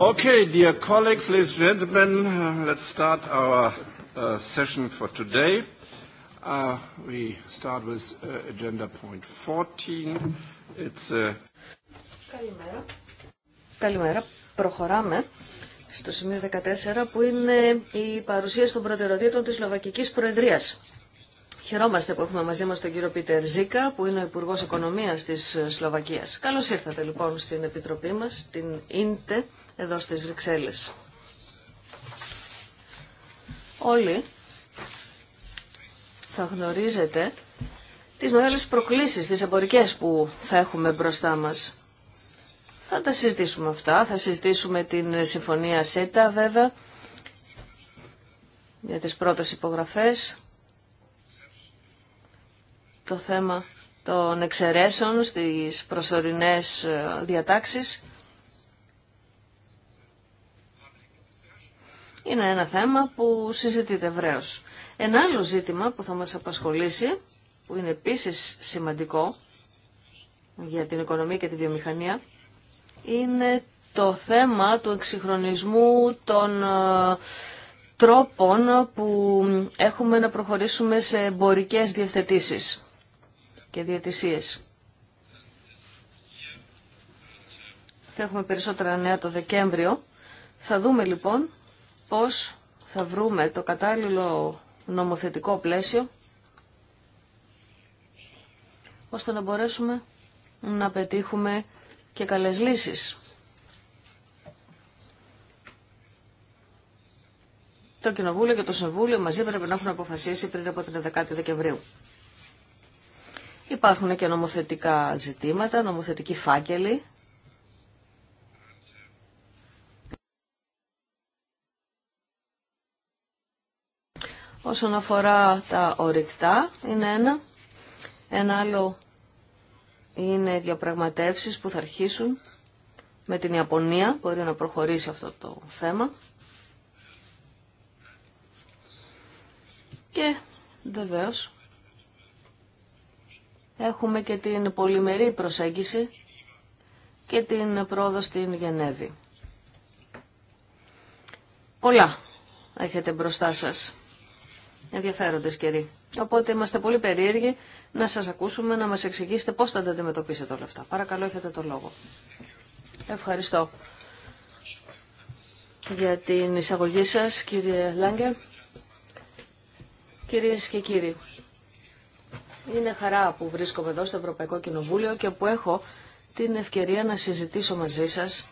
Okay, dear colleagues, ladies and gentlemen, uh, let's start our uh, session for today. Uh, We start with uh, agenda point 14. It's a... Καλημέρα. Καλημέρα. Προχωράμε στο σημείο 14 που είναι η παρουσίαση των προτεραιοτήτων της Σλοβακικής Προεδρίας. Χαιρόμαστε που έχουμε μαζί μας τον κύριο Πίτερ Ζήκα που είναι ο Υπουργό Οικονομίας της Σλοβακίας. Καλώς ήρθατε λοιπόν στην Επιτροπή μας, την ΙΝΤΕ, εδώ στις Βρυξέλλες. Όλοι θα γνωρίζετε τις μεγάλες προκλήσεις, τις εμπορικές που θα έχουμε μπροστά μας. Θα τα συζητήσουμε αυτά, θα συζητήσουμε την συμφωνία ΣΕΤΑ βέβαια, για τις πρώτες υπογραφές, το θέμα των εξαιρέσεων στις προσωρινές ε, διατάξεις. Είναι ένα θέμα που συζητείται ευρέω. Ένα άλλο ζήτημα που θα μας απασχολήσει, που είναι επίσης σημαντικό για την οικονομία και τη βιομηχανία, είναι το θέμα του εξυγχρονισμού των ε, τρόπων που έχουμε να προχωρήσουμε σε εμπορικές διευθετήσεις και διατησίες. Θα έχουμε περισσότερα νέα το Δεκέμβριο. Θα δούμε λοιπόν πώς θα βρούμε το κατάλληλο νομοθετικό πλαίσιο ώστε να μπορέσουμε να πετύχουμε και καλές λύσεις. Το Κοινοβούλιο και το Συμβούλιο μαζί πρέπει να έχουν αποφασίσει πριν από την 10η Δεκεμβρίου. Υπάρχουν και νομοθετικά ζητήματα, νομοθετικοί φάκελοι. Όσον αφορά τα ορυκτά, είναι ένα. Ένα άλλο είναι διαπραγματεύσεις που θα αρχίσουν με την Ιαπωνία. Μπορεί να προχωρήσει αυτό το θέμα. Και βεβαίως Έχουμε και την πολυμερή προσέγγιση και την πρόοδο στην Γενέβη. Πολλά έχετε μπροστά σας. Ενδιαφέροντες καιροί. Οπότε είμαστε πολύ περίεργοι να σας ακούσουμε, να μας εξηγήσετε πώς θα τα αντιμετωπίσετε όλα αυτά. Παρακαλώ, έχετε το λόγο. Ευχαριστώ για την εισαγωγή σας, κύριε Λάγκερ. Κυρίες και κύριοι, είναι χαρά που βρίσκομαι εδώ στο Ευρωπαϊκό Κοινοβούλιο και που έχω την ευκαιρία να συζητήσω μαζί σας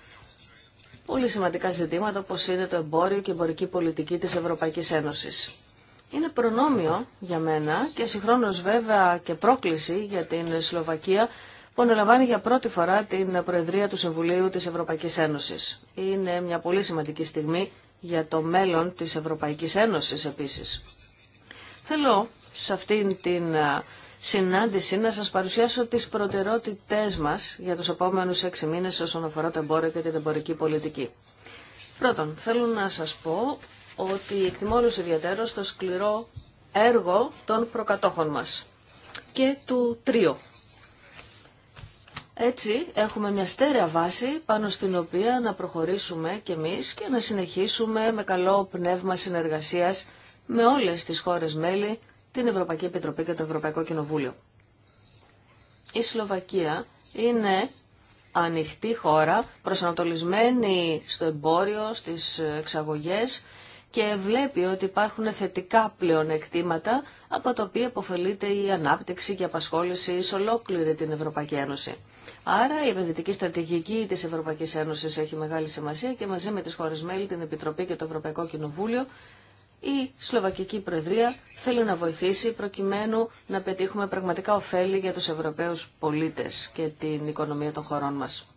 πολύ σημαντικά ζητήματα όπως είναι το εμπόριο και η εμπορική πολιτική της Ευρωπαϊκής Ένωσης. Είναι προνόμιο για μένα και συγχρόνως βέβαια και πρόκληση για την Σλοβακία που αναλαμβάνει για πρώτη φορά την Προεδρία του Συμβουλίου της Ευρωπαϊκής Ένωσης. Είναι μια πολύ σημαντική στιγμή για το μέλλον της Ευρωπαϊκής Ένωσης επίσης. Θέλω σε αυτήν την συνάντηση να σας παρουσιάσω τις προτερότητές μας για τους επόμενους έξι μήνες όσον αφορά το εμπόριο και την εμπορική πολιτική. Πρώτον, θέλω να σας πω ότι εκτιμώ όλους ιδιαίτερο το σκληρό έργο των προκατόχων μας και του τρίου. Έτσι έχουμε μια στέρεα βάση πάνω στην οποία να προχωρήσουμε και εμείς και να συνεχίσουμε με καλό πνεύμα συνεργασίας με όλες τις χώρες μέλη την Ευρωπαϊκή Επιτροπή και το Ευρωπαϊκό Κοινοβούλιο. Η Σλοβακία είναι ανοιχτή χώρα, προσανατολισμένη στο εμπόριο, στις εξαγωγές και βλέπει ότι υπάρχουν θετικά πλεονεκτήματα από τα οποία υποφελείται η ανάπτυξη και η απασχόληση σε ολόκληρη την Ευρωπαϊκή Ένωση. Άρα η επενδυτική στρατηγική της Ευρωπαϊκής Ένωσης έχει μεγάλη σημασία και μαζί με τις χώρες μέλη, την Επιτροπή και το Ευρωπαϊκό Κοινοβούλιο η Σλοβακική Προεδρία θέλει να βοηθήσει προκειμένου να πετύχουμε πραγματικά ωφέλη για τους Ευρωπαίους πολίτες και την οικονομία των χωρών μας.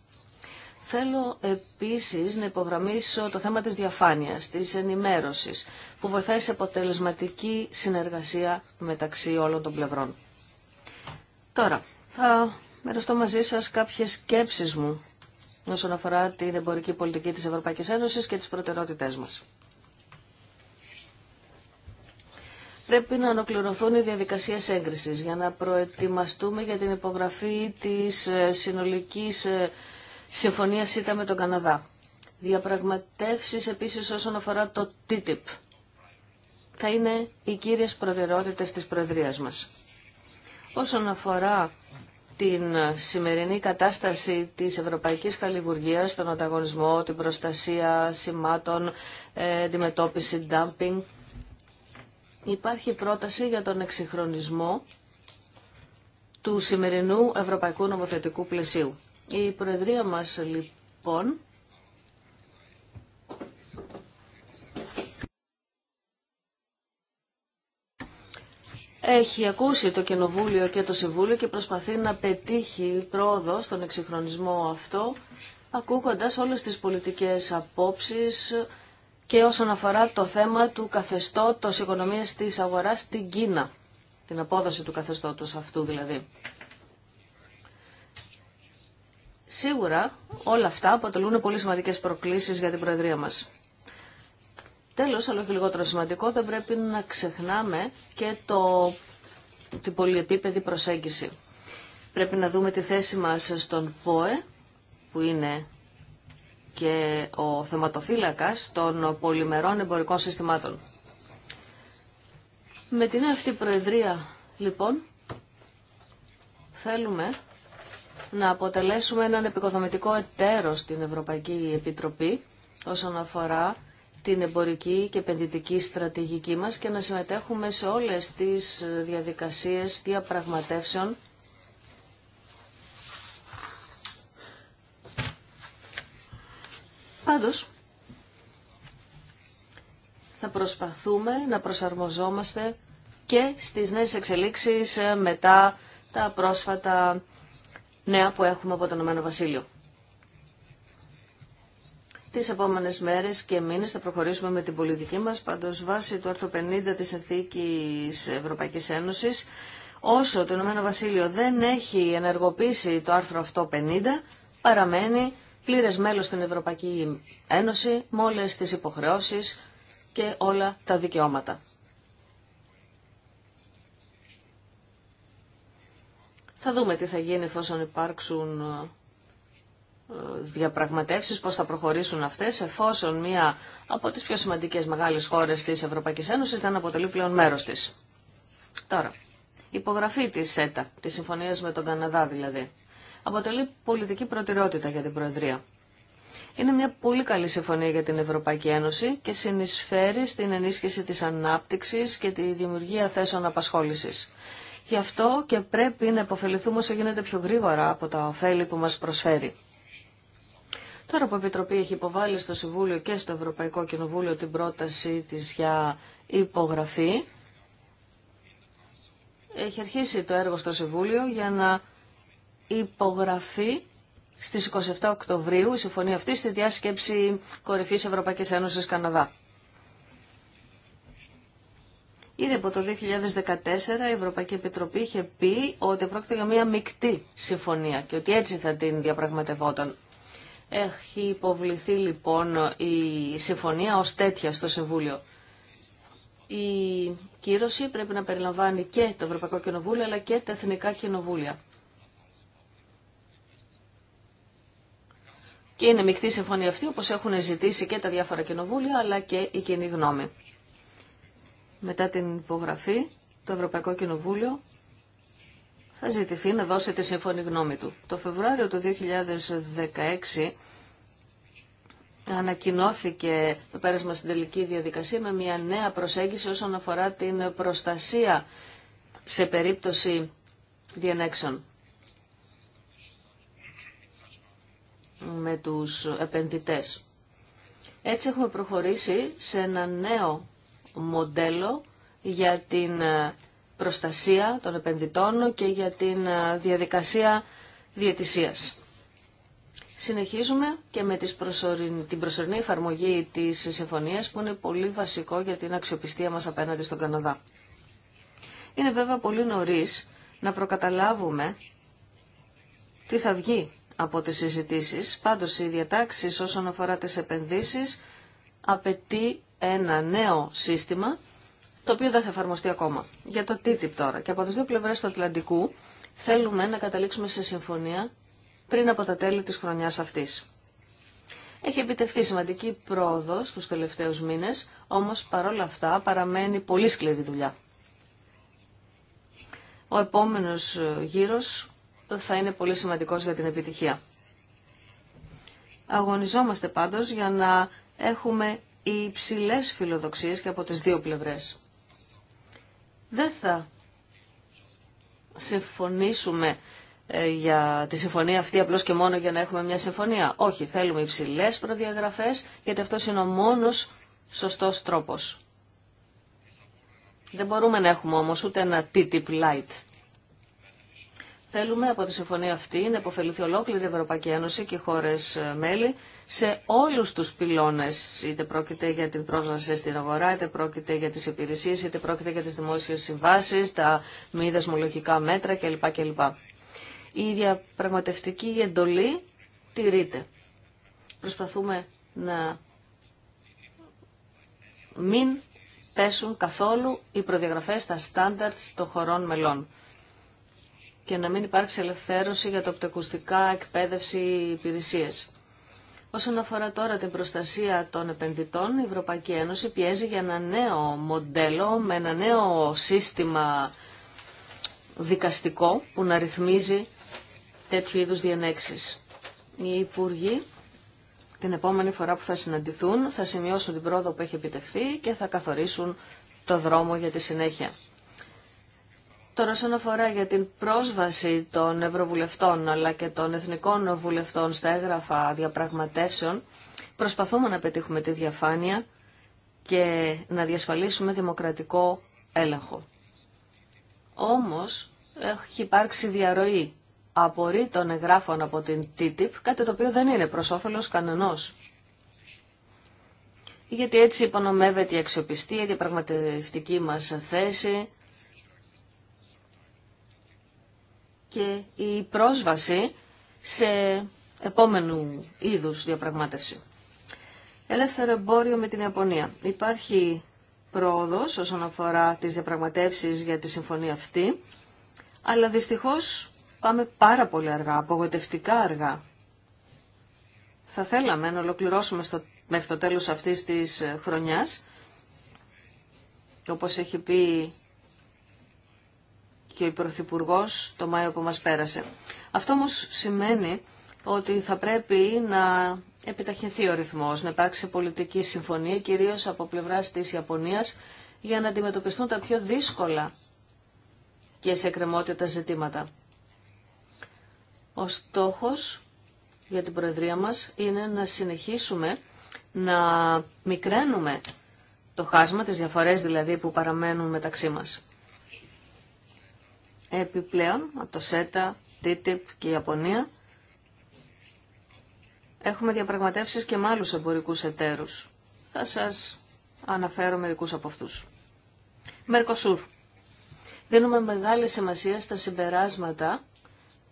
Θέλω επίσης να υπογραμμίσω το θέμα της διαφάνειας, της ενημέρωσης, που βοηθάει σε αποτελεσματική συνεργασία μεταξύ όλων των πλευρών. Τώρα, θα μοιραστώ μαζί σας κάποιες σκέψεις μου όσον αφορά την εμπορική πολιτική της Ευρωπαϊκής Ένωσης και τις προτεραιότητές μας. πρέπει να ολοκληρωθούν οι διαδικασίες έγκρισης για να προετοιμαστούμε για την υπογραφή της ε, συνολικής ε, συμφωνίας ΣΥΤΑ με τον Καναδά. Διαπραγματεύσεις επίσης όσον αφορά το TTIP θα είναι οι κύριες προτεραιότητε της Προεδρίας μας. Όσον αφορά την ε, σημερινή κατάσταση της Ευρωπαϊκής Καλλιβουργίας, τον ανταγωνισμό, την προστασία σημάτων, αντιμετώπιση dumping, υπάρχει πρόταση για τον εξυγχρονισμό του σημερινού ευρωπαϊκού νομοθετικού πλαισίου. Η Προεδρία μας λοιπόν έχει ακούσει το Κοινοβούλιο και το Συμβούλιο και προσπαθεί να πετύχει πρόοδο στον εξυγχρονισμό αυτό ακούγοντας όλες τις πολιτικές απόψεις, και όσον αφορά το θέμα του καθεστώτος οικονομίας της αγοράς στην Κίνα, την απόδοση του καθεστώτος αυτού δηλαδή. Σίγουρα όλα αυτά αποτελούν πολύ σημαντικές προκλήσεις για την Προεδρία μας. Τέλος, αλλά και λιγότερο σημαντικό, δεν πρέπει να ξεχνάμε και το, την πολυεπίπεδη προσέγγιση. Πρέπει να δούμε τη θέση μας στον ΠΟΕ, που είναι και ο θεματοφύλακας των πολυμερών εμπορικών συστημάτων. Με την αυτή προεδρία, λοιπόν, θέλουμε να αποτελέσουμε έναν επικοδομητικό εταίρο στην Ευρωπαϊκή Επιτροπή όσον αφορά την εμπορική και επενδυτική στρατηγική μας και να συμμετέχουμε σε όλες τις διαδικασίες διαπραγματεύσεων Πάντως, θα προσπαθούμε να προσαρμοζόμαστε και στις νέες εξελίξεις ε, μετά τα πρόσφατα νέα που έχουμε από τον Ηνωμένο Βασίλειο. Τις επόμενες μέρες και μήνες θα προχωρήσουμε με την πολιτική μας, πάντως βάσει του άρθρου 50 της Συνθήκης Ευρωπαϊκής Ένωσης, όσο το Ηνωμένο Βασίλειο δεν έχει ενεργοποιήσει το άρθρο αυτό 50, παραμένει πλήρες μέλος στην Ευρωπαϊκή Ένωση με όλες τις υποχρεώσεις και όλα τα δικαιώματα. Θα δούμε τι θα γίνει εφόσον υπάρξουν ε, διαπραγματεύσεις, πώς θα προχωρήσουν αυτές, εφόσον μία από τις πιο σημαντικές μεγάλες χώρες της Ευρωπαϊκής Ένωσης δεν αποτελεί πλέον μέρος της. Τώρα, υπογραφή της ΣΕΤΑ, της συμφωνίας με τον Καναδά δηλαδή αποτελεί πολιτική προτεραιότητα για την Προεδρία. Είναι μια πολύ καλή συμφωνία για την Ευρωπαϊκή Ένωση και συνεισφέρει στην ενίσχυση της ανάπτυξης και τη δημιουργία θέσεων απασχόλησης. Γι' αυτό και πρέπει να υποφεληθούμε όσο γίνεται πιο γρήγορα από τα ωφέλη που μας προσφέρει. Τώρα που η Επιτροπή έχει υποβάλει στο Συμβούλιο και στο Ευρωπαϊκό Κοινοβούλιο την πρόταση της για υπογραφή, έχει αρχίσει το έργο στο Συμβούλιο για να Υπογραφή στις 27 Οκτωβρίου η συμφωνία αυτή στη διάσκεψη κορυφής Ευρωπαϊκή Ένωσης Καναδά. Ήδη από το 2014 η Ευρωπαϊκή Επιτροπή είχε πει ότι πρόκειται για μια μεικτή συμφωνία και ότι έτσι θα την διαπραγματευόταν. Έχει υποβληθεί λοιπόν η συμφωνία ως τέτοια στο Συμβούλιο. Η κύρωση πρέπει να περιλαμβάνει και το Ευρωπαϊκό Κοινοβούλιο αλλά και τα Εθνικά Κοινοβούλια. Και είναι μεικτή συμφωνία αυτή, όπως έχουν ζητήσει και τα διάφορα κοινοβούλια, αλλά και η κοινή γνώμη. Μετά την υπογραφή, το Ευρωπαϊκό Κοινοβούλιο θα ζητηθεί να δώσει τη σύμφωνη γνώμη του. Το Φεβρουάριο του 2016 ανακοινώθηκε το πέρασμα στην τελική διαδικασία με μια νέα προσέγγιση όσον αφορά την προστασία σε περίπτωση διενέξεων. με τους επενδυτές. Έτσι έχουμε προχωρήσει σε ένα νέο μοντέλο για την ε, προστασία των επενδυτών και για την ε, διαδικασία διαιτησίας. Συνεχίζουμε και με τις την προσωρινή εφαρμογή της συμφωνίας που είναι πολύ βασικό για την αξιοπιστία μας απέναντι στον Καναδά. Είναι βέβαια πολύ νωρίς να προκαταλάβουμε τι θα βγει από τις συζητήσεις. Πάντως οι διατάξει όσον αφορά τις επενδύσεις απαιτεί ένα νέο σύστημα το οποίο δεν θα εφαρμοστεί ακόμα. Για το TTIP τώρα. Και από τις δύο πλευρές του Ατλαντικού θέλουμε να καταλήξουμε σε συμφωνία πριν από τα τέλη της χρονιάς αυτής. Έχει επιτευχθεί σημαντική πρόοδο τους τελευταίους μήνες, όμως παρόλα αυτά παραμένει πολύ σκληρή δουλειά. Ο επόμενος γύρος θα είναι πολύ σημαντικός για την επιτυχία. Αγωνιζόμαστε πάντως για να έχουμε υψηλέ φιλοδοξίες και από τις δύο πλευρές. Δεν θα συμφωνήσουμε ε, για τη συμφωνία αυτή απλώς και μόνο για να έχουμε μια συμφωνία. Όχι, θέλουμε υψηλέ προδιαγραφές γιατί αυτός είναι ο μόνος σωστός τρόπος. Δεν μπορούμε να έχουμε όμως ούτε ένα TTIP light. Θέλουμε από τη συμφωνία αυτή να υποφεληθεί ολόκληρη η Ευρωπαϊκή Ένωση και οι χώρε ε, μέλη σε όλου του πυλώνε, είτε πρόκειται για την πρόσβαση στην αγορά, είτε πρόκειται για τι υπηρεσίε, είτε πρόκειται για τι δημόσιε συμβάσει, τα μη δεσμολογικά μέτρα κλπ. κλπ. Η διαπραγματευτική εντολή τηρείται. Προσπαθούμε να μην πέσουν καθόλου οι προδιαγραφές στα στάνταρτς των χωρών μελών και να μην υπάρξει ελευθέρωση για το εκπαίδευση, υπηρεσίες. Όσον αφορά τώρα την προστασία των επενδυτών, η Ευρωπαϊκή Ένωση πιέζει για ένα νέο μοντέλο με ένα νέο σύστημα δικαστικό που να ρυθμίζει τέτοιου είδους διενέξεις. Οι υπουργοί την επόμενη φορά που θα συναντηθούν θα σημειώσουν την πρόοδο που έχει επιτευχθεί και θα καθορίσουν το δρόμο για τη συνέχεια. Τώρα όσον αφορά για την πρόσβαση των Ευρωβουλευτών αλλά και των Εθνικών Βουλευτών στα έγγραφα διαπραγματεύσεων, προσπαθούμε να πετύχουμε τη διαφάνεια και να διασφαλίσουμε δημοκρατικό έλεγχο. Όμως έχει υπάρξει διαρροή των εγγράφων από την TTIP, κάτι το οποίο δεν είναι προς όφελος κανενός. Γιατί έτσι υπονομεύεται η αξιοπιστία, η διαπραγματευτική μας θέση, και η πρόσβαση σε επόμενου είδους διαπραγμάτευση. Ελεύθερο εμπόριο με την Ιαπωνία. Υπάρχει πρόοδος όσον αφορά τις διαπραγματεύσεις για τη συμφωνία αυτή, αλλά δυστυχώς πάμε πάρα πολύ αργά, απογοητευτικά αργά. Θα θέλαμε να ολοκληρώσουμε στο, μέχρι το τέλος αυτής της χρονιάς, όπως έχει πει και ο Πρωθυπουργό το Μάιο που μας πέρασε. Αυτό όμως σημαίνει ότι θα πρέπει να επιταχυνθεί ο ρυθμός, να υπάρξει πολιτική συμφωνία, κυρίως από πλευράς της Ιαπωνίας, για να αντιμετωπιστούν τα πιο δύσκολα και σε κρεμότητα ζητήματα. Ο στόχος για την Προεδρία μας είναι να συνεχίσουμε να μικραίνουμε το χάσμα, τις διαφορές δηλαδή που παραμένουν μεταξύ μας. Επιπλέον, από το ΣΕΤΑ, ΤΙΤΙΠ και η Ιαπωνία, έχουμε διαπραγματεύσεις και με άλλους εμπορικούς εταίρους. Θα σας αναφέρω μερικούς από αυτούς. Μερκοσούρ. Δίνουμε μεγάλη σημασία στα συμπεράσματα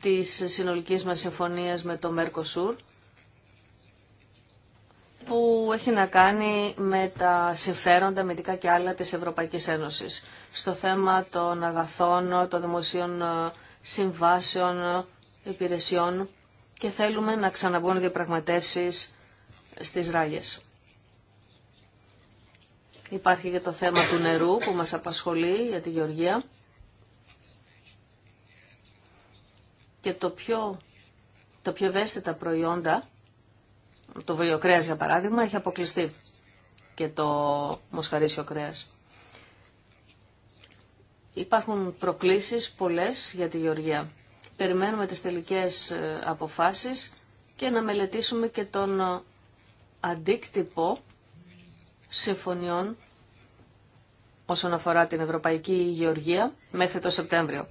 της συνολικής μας συμφωνίας με το Μερκοσούρ που έχει να κάνει με τα συμφέροντα μετικά και άλλα της Ευρωπαϊκής Ένωσης. Στο θέμα των αγαθών, των δημοσίων ε, συμβάσεων, υπηρεσιών και θέλουμε να ξαναμπούν διαπραγματεύσεις στις ράγες. Υπάρχει και το θέμα του νερού που μας απασχολεί για τη Γεωργία. Και το πιο, το πιο ευαίσθητα προϊόντα το βιοκρέας για παράδειγμα έχει αποκλειστεί και το μοσχαρίσιο κρέας. Υπάρχουν προκλήσεις πολλές για τη Γεωργία. Περιμένουμε τις τελικές ε, αποφάσεις και να μελετήσουμε και τον ε, αντίκτυπο συμφωνιών όσον αφορά την Ευρωπαϊκή Γεωργία μέχρι το Σεπτέμβριο.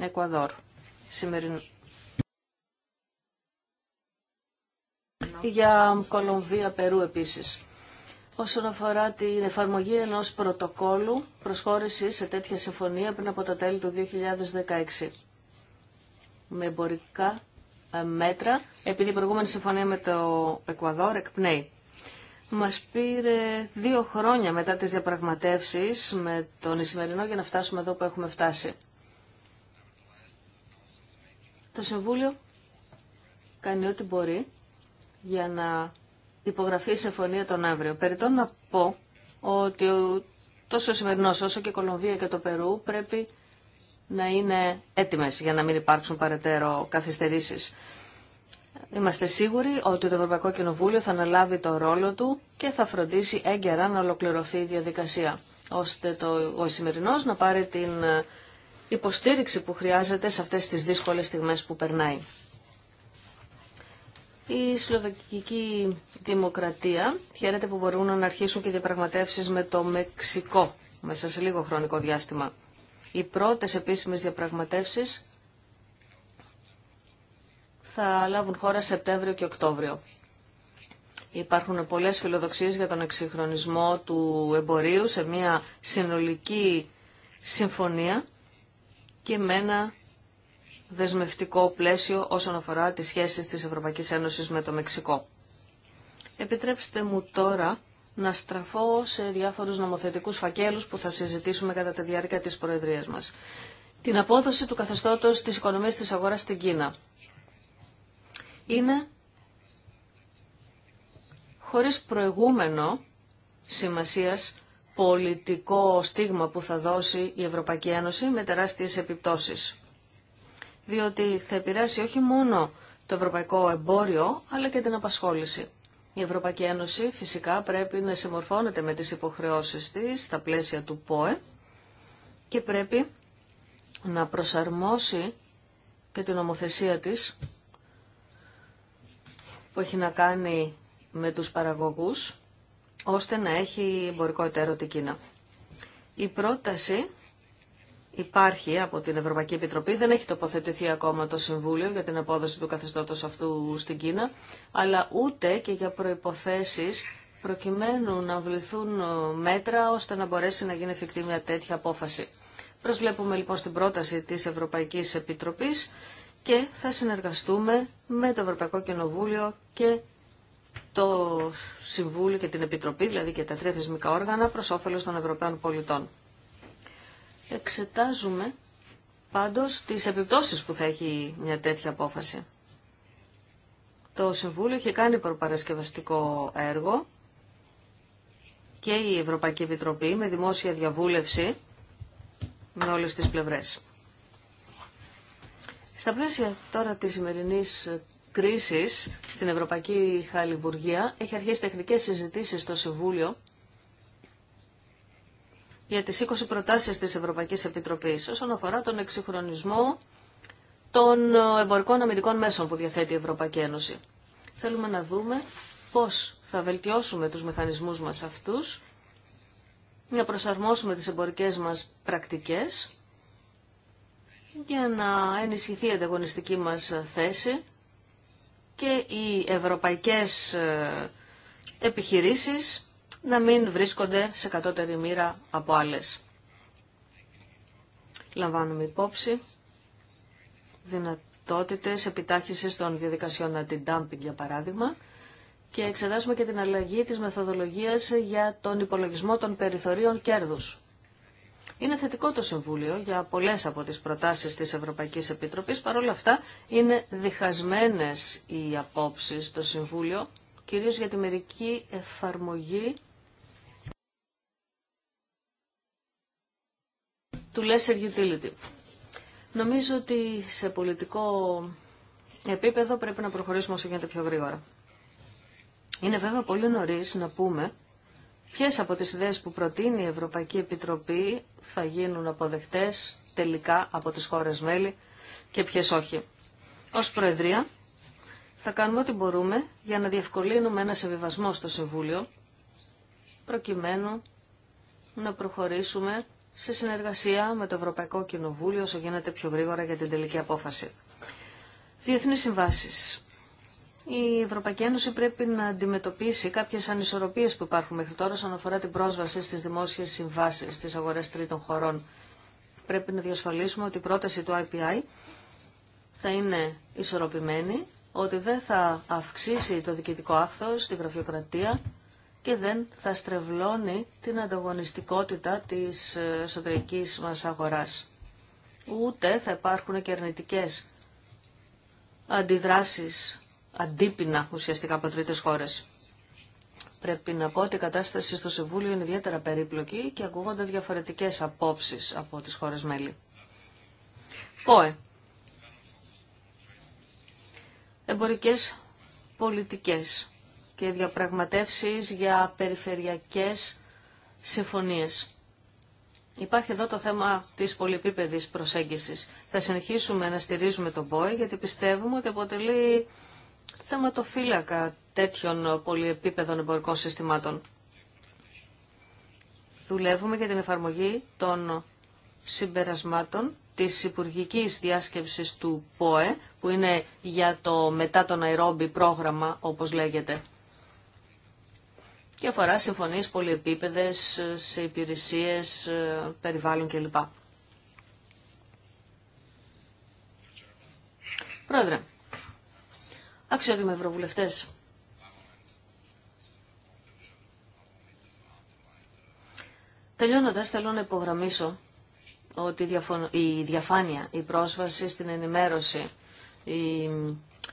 Εκουαδόρ. σήμερινο για Κολομβία, Περού επίσης. Όσον αφορά την εφαρμογή ενός πρωτοκόλου προσχώρηση σε τέτοια συμφωνία πριν από τα τέλη του 2016 με εμπορικά ε, μέτρα, επειδή η προηγούμενη συμφωνία με το Εκουαδόρ εκπνέει. Μας πήρε δύο χρόνια μετά τις διαπραγματεύσεις με τον Ισημερινό για να φτάσουμε εδώ που έχουμε φτάσει. Το Συμβούλιο κάνει ό,τι μπορεί για να υπογραφεί η συμφωνία τον αύριο. Περιτώ να πω ότι τόσο ο σημερινός όσο και η Κολομβία και το Περού πρέπει να είναι έτοιμες για να μην υπάρξουν παρετέρω καθυστερήσεις. Είμαστε σίγουροι ότι το Ευρωπαϊκό Κοινοβούλιο θα αναλάβει το ρόλο του και θα φροντίσει έγκαιρα να ολοκληρωθεί η διαδικασία, ώστε το, ο σημερινός να πάρει την υποστήριξη που χρειάζεται σε αυτές τις δύσκολες στιγμές που περνάει. Η Σλοβακική Δημοκρατία χαίρεται που μπορούν να αρχίσουν και διαπραγματεύσεις με το Μεξικό μέσα σε λίγο χρονικό διάστημα. Οι πρώτες επίσημες διαπραγματεύσεις θα λάβουν χώρα Σεπτέμβριο και Οκτώβριο. Υπάρχουν πολλές φιλοδοξίες για τον εξυγχρονισμό του εμπορίου σε μια συνολική συμφωνία και με ένα δεσμευτικό πλαίσιο όσον αφορά τις σχέσεις της Ευρωπαϊκής Ένωσης με το Μεξικό. Επιτρέψτε μου τώρα να στραφώ σε διάφορους νομοθετικούς φακέλους που θα συζητήσουμε κατά τη διάρκεια της Προεδρίας μας. Την απόδοση του καθεστώτος της οικονομίας της αγοράς στην Κίνα. Είναι χωρίς προηγούμενο σημασίας πολιτικό στίγμα που θα δώσει η Ευρωπαϊκή Ένωση με τεράστιες επιπτώσεις διότι θα επηρεάσει όχι μόνο το ευρωπαϊκό εμπόριο, αλλά και την απασχόληση. Η Ευρωπαϊκή Ένωση φυσικά πρέπει να συμμορφώνεται με τις υποχρεώσεις της στα πλαίσια του ΠΟΕ και πρέπει να προσαρμόσει και την ομοθεσία της που έχει να κάνει με τους παραγωγούς ώστε να έχει εμπορικό εταίρο την Κίνα. Η πρόταση υπάρχει από την Ευρωπαϊκή Επιτροπή. Δεν έχει τοποθετηθεί ακόμα το Συμβούλιο για την απόδοση του καθεστώτος αυτού στην Κίνα, αλλά ούτε και για προϋποθέσεις προκειμένου να βληθούν μέτρα ώστε να μπορέσει να γίνει εφικτή μια τέτοια απόφαση. Προσβλέπουμε λοιπόν στην πρόταση της Ευρωπαϊκής Επιτροπής και θα συνεργαστούμε με το Ευρωπαϊκό Κοινοβούλιο και το Συμβούλιο και την Επιτροπή, δηλαδή και τα τρία θεσμικά όργανα, προς όφελος των Ευρωπαίων πολιτών. Εξετάζουμε πάντως τις επιπτώσεις που θα έχει μια τέτοια απόφαση. Το Συμβούλιο έχει κάνει προπαρασκευαστικό έργο και η Ευρωπαϊκή Επιτροπή με δημόσια διαβούλευση με όλες τις πλευρές. Στα πλαίσια τώρα της σημερινή κρίσης στην Ευρωπαϊκή Χαλιβουργία έχει αρχίσει τεχνικές συζητήσεις στο Συμβούλιο για τις 20 προτάσεις της Ευρωπαϊκής Επιτροπής όσον αφορά τον εξυγχρονισμό των ε, εμπορικών αμυντικών μέσων που διαθέτει η Ευρωπαϊκή Ένωση. Θέλουμε να δούμε πώς θα βελτιώσουμε τους μηχανισμούς μας αυτούς, να προσαρμόσουμε τις εμπορικές μας πρακτικές για να ενισχυθεί η ανταγωνιστική μας θέση και οι ευρωπαϊκές ε, επιχειρήσεις να μην βρίσκονται σε κατώτερη μοίρα από άλλες. Λαμβάνουμε υπόψη δυνατότητες επιτάχυσης των διαδικασιών για παράδειγμα και εξετάσουμε και την αλλαγή της μεθοδολογίας για τον υπολογισμό των περιθωρίων κέρδους. Είναι θετικό το Συμβούλιο για πολλές από τις προτάσεις της Ευρωπαϊκής Επιτροπής. Παρ' όλα αυτά είναι διχασμένες οι απόψεις στο Συμβούλιο, κυρίως για τη μερική εφαρμογή του lesser utility. Νομίζω ότι σε πολιτικό επίπεδο πρέπει να προχωρήσουμε όσο γίνεται πιο γρήγορα. Είναι βέβαια πολύ νωρί να πούμε ποιε από τις ιδέες που προτείνει η Ευρωπαϊκή Επιτροπή θα γίνουν αποδεκτές τελικά από τις χώρες μέλη και ποιε όχι. Ω Προεδρία θα κάνουμε ό,τι μπορούμε για να διευκολύνουμε ένα σεβιβασμό στο Συμβούλιο προκειμένου να προχωρήσουμε σε συνεργασία με το Ευρωπαϊκό Κοινοβούλιο όσο γίνεται πιο γρήγορα για την τελική απόφαση. Διεθνείς συμβάσεις. Η Ευρωπαϊκή Ένωση πρέπει να αντιμετωπίσει κάποιε ανισορροπίε που υπάρχουν μέχρι τώρα όσον αφορά την πρόσβαση στι δημόσιε συμβάσει στι αγορέ τρίτων χωρών. Πρέπει να διασφαλίσουμε ότι η πρόταση του IPI θα είναι ισορροπημένη, ότι δεν θα αυξήσει το διοικητικό άκθο τη γραφειοκρατία και δεν θα στρεβλώνει την ανταγωνιστικότητα της εσωτερικής μας αγοράς. Ούτε θα υπάρχουν και αρνητικέ αντιδράσεις, αντίπεινα ουσιαστικά από τρίτες χώρες. Πρέπει να πω ότι η κατάσταση στο Συμβούλιο είναι ιδιαίτερα περίπλοκη και ακούγονται διαφορετικές απόψεις από τις χώρες μέλη. ΠΟΕ. Εμπορικές πολιτικές και διαπραγματεύσεις για περιφερειακές συμφωνίες. Υπάρχει εδώ το θέμα της πολυεπίπεδης προσέγγισης. Θα συνεχίσουμε να στηρίζουμε τον ΠΟΕ γιατί πιστεύουμε ότι αποτελεί θεματοφύλακα τέτοιων πολυεπίπεδων εμπορικών συστημάτων. Δουλεύουμε για την εφαρμογή των συμπερασμάτων της Υπουργικής διάσκευσης του ΠΟΕ, που είναι για το μετά τον Αιρόμπι πρόγραμμα, όπως λέγεται και αφορά συμφωνίες πολυεπίπεδες σε υπηρεσίες, ε, περιβάλλον κλπ. Πρόεδρε, αξιότιμοι ευρωβουλευτές, τελειώνοντας θέλω να υπογραμμίσω ότι η διαφάνεια, η πρόσβαση στην ενημέρωση,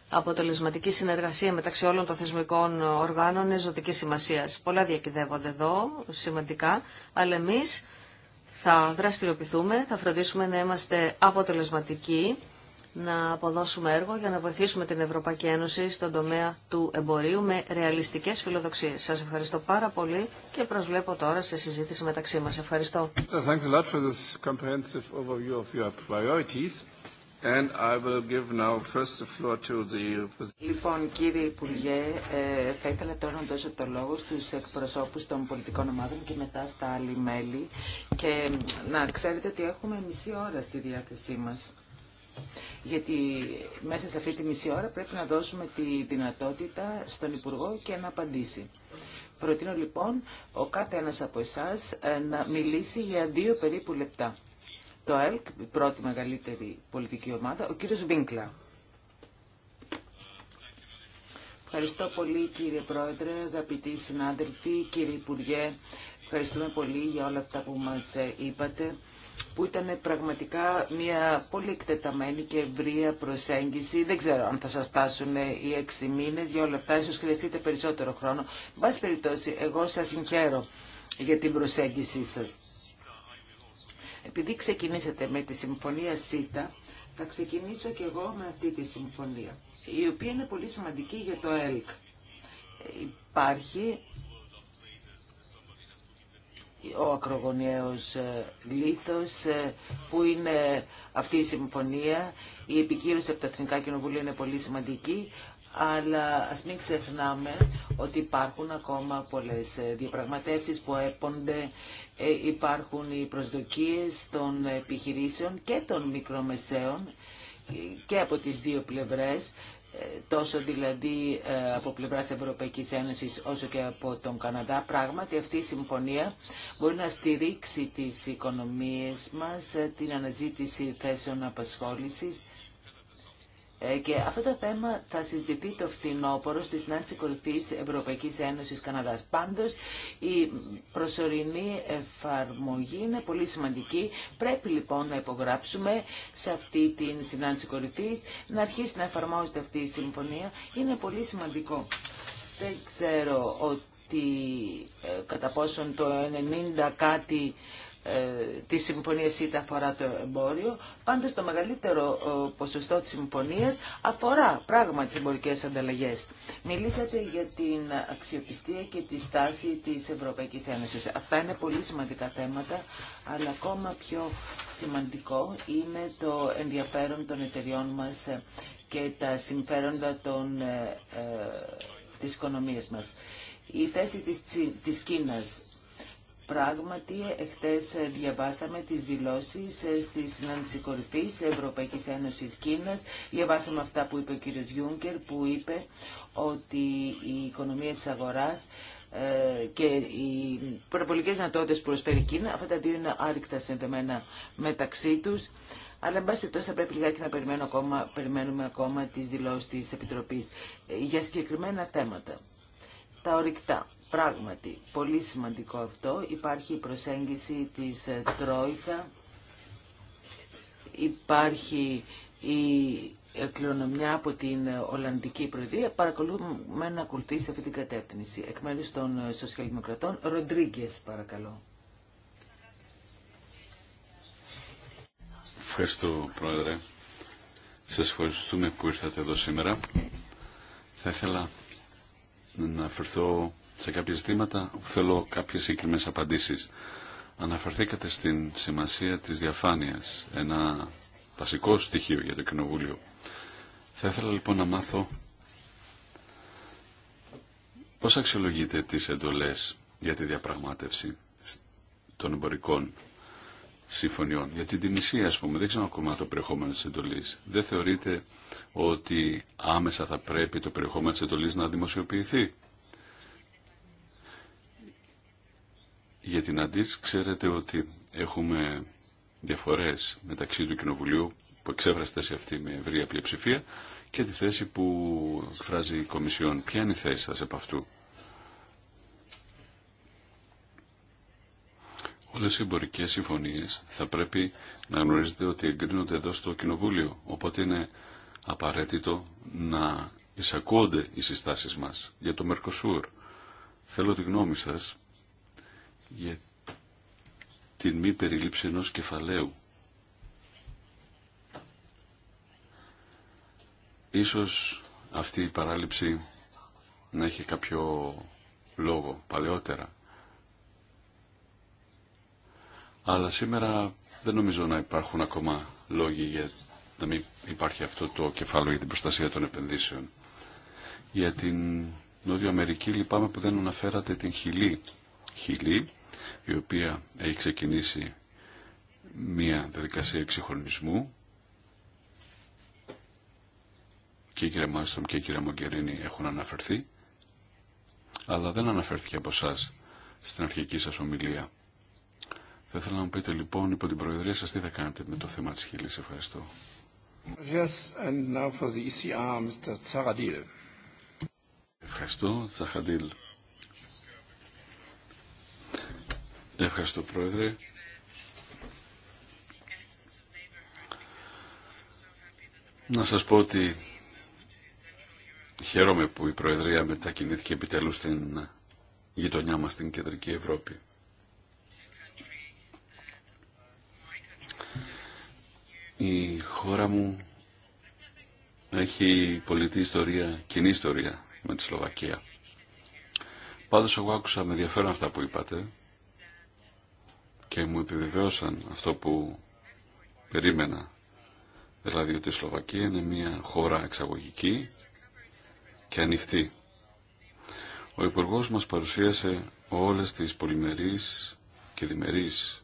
αποτελεσματική συνεργασία μεταξύ όλων των θεσμικών οργάνων είναι ζωτική σημασία. Πολλά διακυδεύονται εδώ, σημαντικά, αλλά εμεί θα δραστηριοποιηθούμε, θα φροντίσουμε να είμαστε αποτελεσματικοί, να αποδώσουμε έργο για να βοηθήσουμε την Ευρωπαϊκή Ένωση στον τομέα του εμπορίου με ρεαλιστικέ φιλοδοξίε. Σα ευχαριστώ πάρα πολύ και προσβλέπω τώρα σε συζήτηση μεταξύ μα. Ευχαριστώ. Λοιπόν, κύριε Υπουργέ, ε, θα ήθελα τώρα να δώσω το λόγο στους εκπροσώπους των πολιτικών ομάδων και μετά στα άλλη μέλη. Και να ξέρετε ότι έχουμε μισή ώρα στη διάθεσή μας. Γιατί μέσα σε αυτή τη μισή ώρα πρέπει να δώσουμε τη δυνατότητα στον Υπουργό και να απαντήσει. Προτείνω λοιπόν ο κάθε ένας από εσάς ε, να μιλήσει για δύο περίπου λεπτά το ΕΛΚ, η πρώτη μεγαλύτερη πολιτική ομάδα, ο κύριος Βίνκλα. Ευχαριστώ πολύ κύριε Πρόεδρε, αγαπητοί συνάδελφοι, κύριε Υπουργέ. Ευχαριστούμε πολύ για όλα αυτά που μας ε, είπατε που ήταν πραγματικά μια πολύ εκτεταμένη και ευρία προσέγγιση. Δεν ξέρω αν θα σας φτάσουν ε, οι έξι μήνες για όλα αυτά, ίσως χρειαστείτε περισσότερο χρόνο. Βάση περιπτώσει, εγώ σας συγχαίρω για την προσέγγιση σας. Επειδή ξεκινήσατε με τη συμφωνία ΣΥΤΑ, θα ξεκινήσω και εγώ με αυτή τη συμφωνία, η οποία είναι πολύ σημαντική για το ΕΛΚ. Υπάρχει ο ακρογωνιαίος ε, λίθος ε, που είναι αυτή η συμφωνία. Η επικύρωση από τα Εθνικά Κοινοβούλια είναι πολύ σημαντική, αλλά ας μην ξεχνάμε ότι υπάρχουν ακόμα πολλές ε, διαπραγματεύσεις που έπονται, ε, υπάρχουν οι προσδοκίες των επιχειρήσεων και των μικρομεσαίων ε, και από τις δύο πλευρές, τόσο δηλαδή από πλευράς Ευρωπαϊκής Ένωσης όσο και από τον Καναδά. Πράγματι αυτή η συμφωνία μπορεί να στηρίξει τις οικονομίες μας, την αναζήτηση θέσεων απασχόλησης ε, και αυτό το θέμα θα συζητηθεί το φθινόπωρο στη συνάντηση κορυφή Ευρωπαϊκή Ένωση Καναδά. Πάντω, η προσωρινή εφαρμογή είναι πολύ σημαντική. Πρέπει λοιπόν να υπογράψουμε σε αυτή την συνάντηση κορυφή, να αρχίσει να εφαρμόζεται αυτή η συμφωνία. Είναι πολύ σημαντικό. Δεν ξέρω ότι ε, κατά πόσον το 90 κάτι ε, τη συμφωνία είτε αφορά το εμπόριο. Πάντως το μεγαλύτερο ε, ποσοστό της συμφωνίας αφορά πράγματι τις εμπορικές ανταλλαγές. Μιλήσατε για την αξιοπιστία και τη στάση της Ευρωπαϊκής Ένωσης. Αυτά είναι πολύ σημαντικά θέματα, αλλά ακόμα πιο σημαντικό είναι το ενδιαφέρον των εταιριών μας ε, και τα συμφέροντα των, της οικονομίας μας. Η θέση της, της Κίνας Πράγματι, εχθές διαβάσαμε τις δηλώσεις ε, στη συνάντηση κορυφής Ευρωπαϊκής Ένωσης Κίνας. Διαβάσαμε αυτά που είπε ο κύριος Γιούγκερ, που είπε ότι η οικονομία της αγοράς ε, και οι προπολικέ δυνατότητε που προσφέρει η Κίνα, αυτά τα δύο είναι άρρηκτα συνδεμένα μεταξύ τους. Αλλά, εν πάση περιπτώσει, θα πρέπει λιγάκι να περιμένουμε ακόμα, περιμένουμε ακόμα τις δηλώσεις της Επιτροπής ε, για συγκεκριμένα θέματα. Τα ορυκτά. Πράγματι, πολύ σημαντικό αυτό. Υπάρχει η προσέγγιση της ε, Τρόικα, υπάρχει η κληρονομιά από την ε, Ολλανδική Προεδρία. Παρακολουθούμε να ακολουθήσει αυτή την κατεύθυνση. Εκ μέρου των ε, Σοσιαλδημοκρατών, Ροντρίγκε, παρακαλώ. Ευχαριστώ, Πρόεδρε. Σα ευχαριστούμε που ήρθατε εδώ σήμερα. Θα ήθελα να αφαιρθώ σε κάποια ζητήματα θέλω κάποιες συγκεκριμένες απαντήσεις. Αναφερθήκατε στην σημασία της διαφάνειας, ένα βασικό στοιχείο για το Κοινοβούλιο. Θα ήθελα λοιπόν να μάθω πώς αξιολογείτε τις εντολές για τη διαπραγμάτευση των εμπορικών συμφωνιών. Για την Τινησία, ας πούμε, δεν ξέρω ακόμα το περιεχόμενο της εντολής. Δεν θεωρείτε ότι άμεσα θα πρέπει το περιεχόμενο της εντολής να δημοσιοποιηθεί. Για την αντίστοιχη ξέρετε ότι έχουμε διαφορές μεταξύ του Κοινοβουλίου που εξέφραστε σε αυτή με ευρία πλειοψηφία και τη θέση που εκφράζει η Κομισιόν. Ποια είναι η θέση σας από αυτού. Όλες οι εμπορικέ συμφωνίες θα πρέπει να γνωρίζετε ότι εγκρίνονται εδώ στο Κοινοβούλιο, οπότε είναι απαραίτητο να εισακούονται οι συστάσεις μας για το Μερκοσούρ. Θέλω τη γνώμη σας για την μη περιλήψη ενός κεφαλαίου. Ίσως αυτή η παράληψη να έχει κάποιο λόγο παλαιότερα. Αλλά σήμερα δεν νομίζω να υπάρχουν ακόμα λόγοι για να μην υπάρχει αυτό το κεφάλαιο για την προστασία των επενδύσεων. Για την Νότιο Αμερική λυπάμαι που δεν αναφέρατε την Χιλή. Χιλή η οποία έχει ξεκινήσει μία διαδικασία εξυγχρονισμού και η κυρία Μάστρομ και η κυρία Μογκερίνη έχουν αναφερθεί αλλά δεν αναφέρθηκε από εσά στην αρχική σας ομιλία. Θα ήθελα να μου πείτε λοιπόν υπό την Προεδρία σας τι θα κάνετε με το θέμα της Χίλης. Ευχαριστώ. E Ευχαριστώ, Τσαχαντήλ. Ευχαριστώ Πρόεδρε. Να σας πω ότι χαίρομαι που η Προεδρία μετακινήθηκε επιτελούς στην γειτονιά μας στην Κεντρική Ευρώπη. Η χώρα μου έχει πολιτική ιστορία, κοινή ιστορία με τη Σλοβακία. Πάντως εγώ άκουσα με ενδιαφέρον αυτά που είπατε και μου επιβεβαίωσαν αυτό που περίμενα. Δηλαδή ότι η Σλοβακία είναι μια χώρα εξαγωγική και ανοιχτή. Ο Υπουργός μας παρουσίασε όλες τις πολυμερείς και διμερείς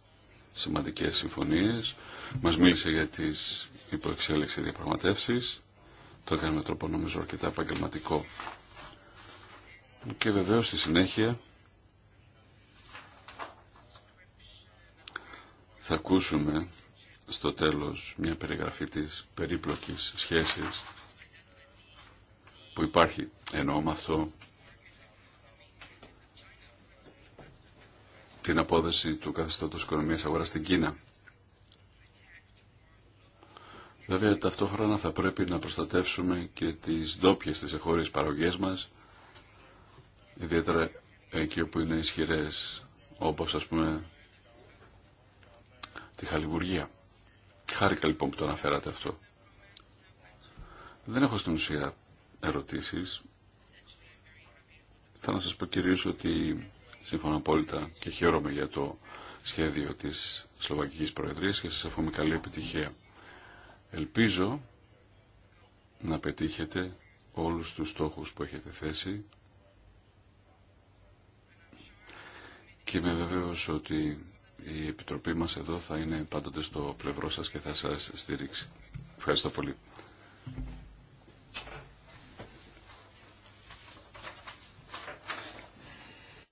σημαντικές συμφωνίες. Μας μίλησε για τις υποεξέλιξη διαπραγματεύσεις. Το έκανε με τρόπο νομίζω αρκετά επαγγελματικό. Και βεβαίως στη συνέχεια Θα ακούσουμε στο τέλος μια περιγραφή της περίπλοκης σχέσης που υπάρχει. Εννοώ με αυτό την απόδοση του καθεστώτος οικονομίας αγοράς στην Κίνα. Βέβαια ταυτόχρονα θα πρέπει να προστατεύσουμε και τις ντόπιε της εχώριες παραγωγές μας, ιδιαίτερα εκεί όπου είναι ισχυρές, όπως ας πούμε τη χαλιβουργία. Χάρηκα λοιπόν που το αναφέρατε αυτό. Δεν έχω στην ουσία ερωτήσεις. Θα να σας πω κυρίως ότι σύμφωνα απόλυτα και χαίρομαι για το σχέδιο της Σλοβακικής Προεδρίας και σας εύχομαι καλή επιτυχία. Ελπίζω να πετύχετε όλους τους στόχους που έχετε θέσει και είμαι βεβαίως ότι η Επιτροπή μας εδώ θα είναι πάντοτε στο πλευρό σας και θα σας στηρίξει. Ευχαριστώ πολύ.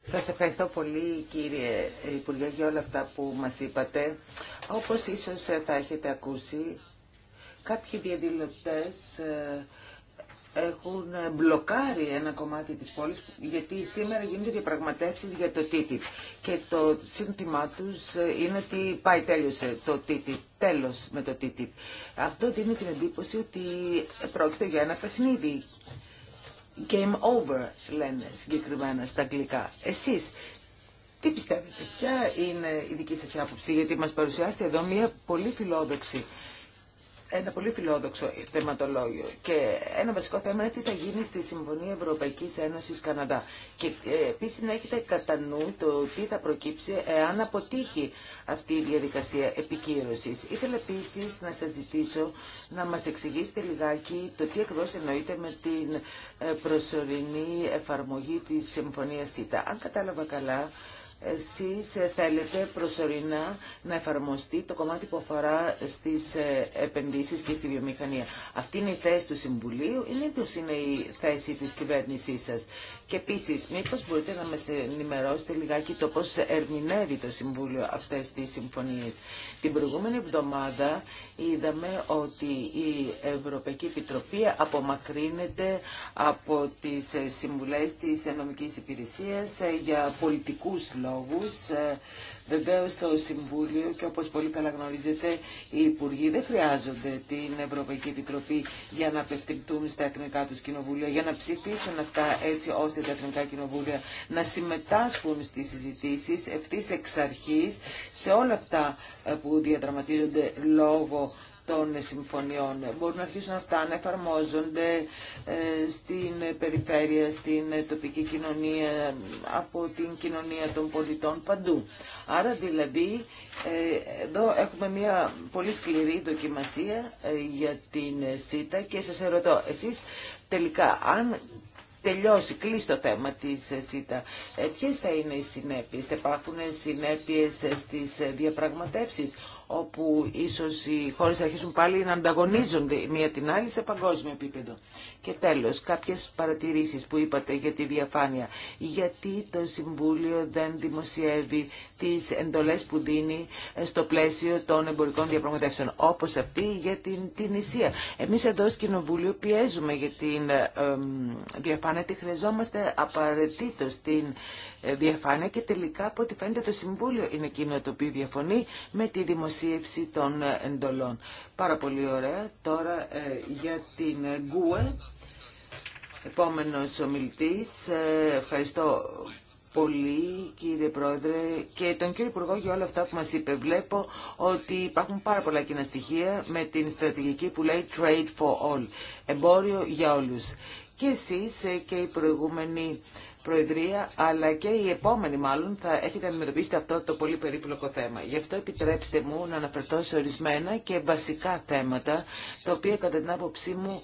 Σας ευχαριστώ πολύ κύριε Υπουργέ για όλα αυτά που μας είπατε. Όπως ίσως θα έχετε ακούσει, κάποιοι διαδηλωτές ε, έχουν μπλοκάρει ένα κομμάτι της πόλης γιατί σήμερα γίνονται διαπραγματεύσεις για το TTIP και το σύνθημά τους ε, είναι ότι πάει τέλειωσε το TTIP, τέλος με το TTIP. Αυτό δίνει την εντύπωση ότι πρόκειται για ένα παιχνίδι. Game over λένε συγκεκριμένα στα αγγλικά. Εσείς τι πιστεύετε, ποια είναι η δική σας άποψη, γιατί μας παρουσιάσετε εδώ μια πολύ φιλόδοξη ένα πολύ φιλόδοξο θεματολόγιο και ένα βασικό θέμα είναι τι θα γίνει στη Συμφωνία Ευρωπαϊκής Ένωσης Καναδά και ε, επίση να έχετε κατά νου το τι θα προκύψει εάν αποτύχει αυτή η διαδικασία επικύρωσης. Ήθελα επίση να σας ζητήσω να μας εξηγήσετε λιγάκι το τι ακριβώ εννοείται με την ε, προσωρινή εφαρμογή τη συμφωνία ΣΥΤΑ. Αν κατάλαβα καλά, εσείς θέλετε προσωρινά να εφαρμοστεί το κομμάτι που αφορά στις ε, επενδύσεις και στη βιομηχανία. Αυτή είναι η θέση του Συμβουλίου ή μήπως είναι η ποιος ειναι η θεση της κυβέρνησής σας. Και επίση, μήπω μπορείτε να μα ενημερώσετε λιγάκι το πώ ερμηνεύει το Συμβούλιο αυτέ τι συμφωνίε. Την προηγούμενη εβδομάδα είδαμε ότι η Ευρωπαϊκή Επιτροπή απομακρύνεται από τι συμβουλέ τη Ενωμική Υπηρεσία ε, για πολιτικού λόγου. Ε, Βεβαίω το Συμβούλιο και όπω πολύ καλά γνωρίζετε οι Υπουργοί δεν χρειάζονται την Ευρωπαϊκή Επιτροπή για να απευθυνθούν στα εθνικά του κοινοβούλια, για να ψηφίσουν αυτά έτσι τα εθνικά κοινοβούλια να συμμετάσχουν στις συζητήσεις ευθύς εξ αρχής σε όλα αυτά ε, που διαδραματίζονται λόγω των συμφωνιών. Μπορούν να αρχίσουν αυτά να εφαρμόζονται ε, στην περιφέρεια, στην τοπική κοινωνία, από την κοινωνία των πολιτών, παντού. Άρα δηλαδή ε, εδώ έχουμε μια πολύ σκληρή δοκιμασία για την ΣΥΤΑ και σας ερωτώ, εσείς τελικά αν τελειώσει, κλείσει το θέμα της ε, ΣΥΤΑ. Ε, Ποιε θα είναι οι συνέπειες, θα υπάρχουν συνέπειες ε, στις διαπραγματεύσεις όπου ίσως οι χώρες αρχίσουν πάλι να ανταγωνίζονται μία την άλλη σε παγκόσμιο επίπεδο. Και τέλος, κάποιες παρατηρήσεις που είπατε για τη διαφάνεια. Γιατί το Συμβούλιο δεν δημοσιεύει τις εντολές που δίνει ε, στο πλαίσιο των εμπορικών διαπραγματεύσεων, όπως αυτή για την, την Εμείς εδώ στο Κοινοβούλιο πιέζουμε για την ε, διαφάνεια, τη χρειαζόμαστε απαραίτητο την ε, διαφάνεια και τελικά από ό,τι φαίνεται το Συμβούλιο είναι εκείνο το οποίο διαφωνεί με τη δημοσίευση των εντολών. Πάρα πολύ ωραία. Τώρα για την Γκουε, επόμενος ομιλητής, ευχαριστώ πολύ κύριε Πρόεδρε και τον κύριο Υπουργό για όλα αυτά που μας είπε. Βλέπω ότι υπάρχουν πάρα πολλά κοινά στοιχεία με την στρατηγική που λέει Trade for All, εμπόριο για όλους. Και εσείς ε, και η προηγούμενη Προεδρία, αλλά και η επόμενη μάλλον θα έχετε αντιμετωπίσει αυτό το πολύ περίπλοκο θέμα. Γι' αυτό επιτρέψτε μου να αναφερθώ σε ορισμένα και βασικά θέματα, τα οποία κατά την άποψή μου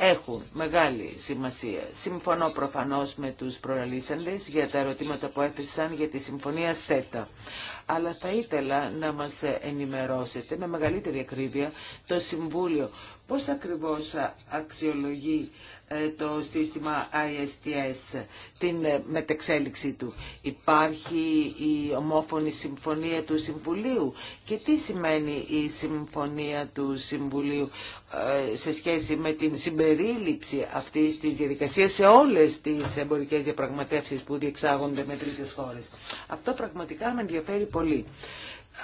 έχουν μεγάλη σημασία. Συμφωνώ προφανώς με τους προαλήσαντες για τα ερωτήματα που έθεσαν για τη Συμφωνία ΣΕΤΑ. Αλλά θα ήθελα να μας ενημερώσετε με μεγαλύτερη ακρίβεια το Συμβούλιο Πώς ακριβώς αξιολογεί ε, το σύστημα ISTS, την ε, μετεξέλιξή του. Υπάρχει η ομόφωνη συμφωνία του Συμβουλίου και τι σημαίνει η συμφωνία του Συμβουλίου ε, σε σχέση με την συμπερίληψη αυτής της διαδικασίας σε όλες τις εμπορικές διαπραγματεύσεις που διεξάγονται με τρίτες χώρες. Αυτό πραγματικά με ενδιαφέρει πολύ.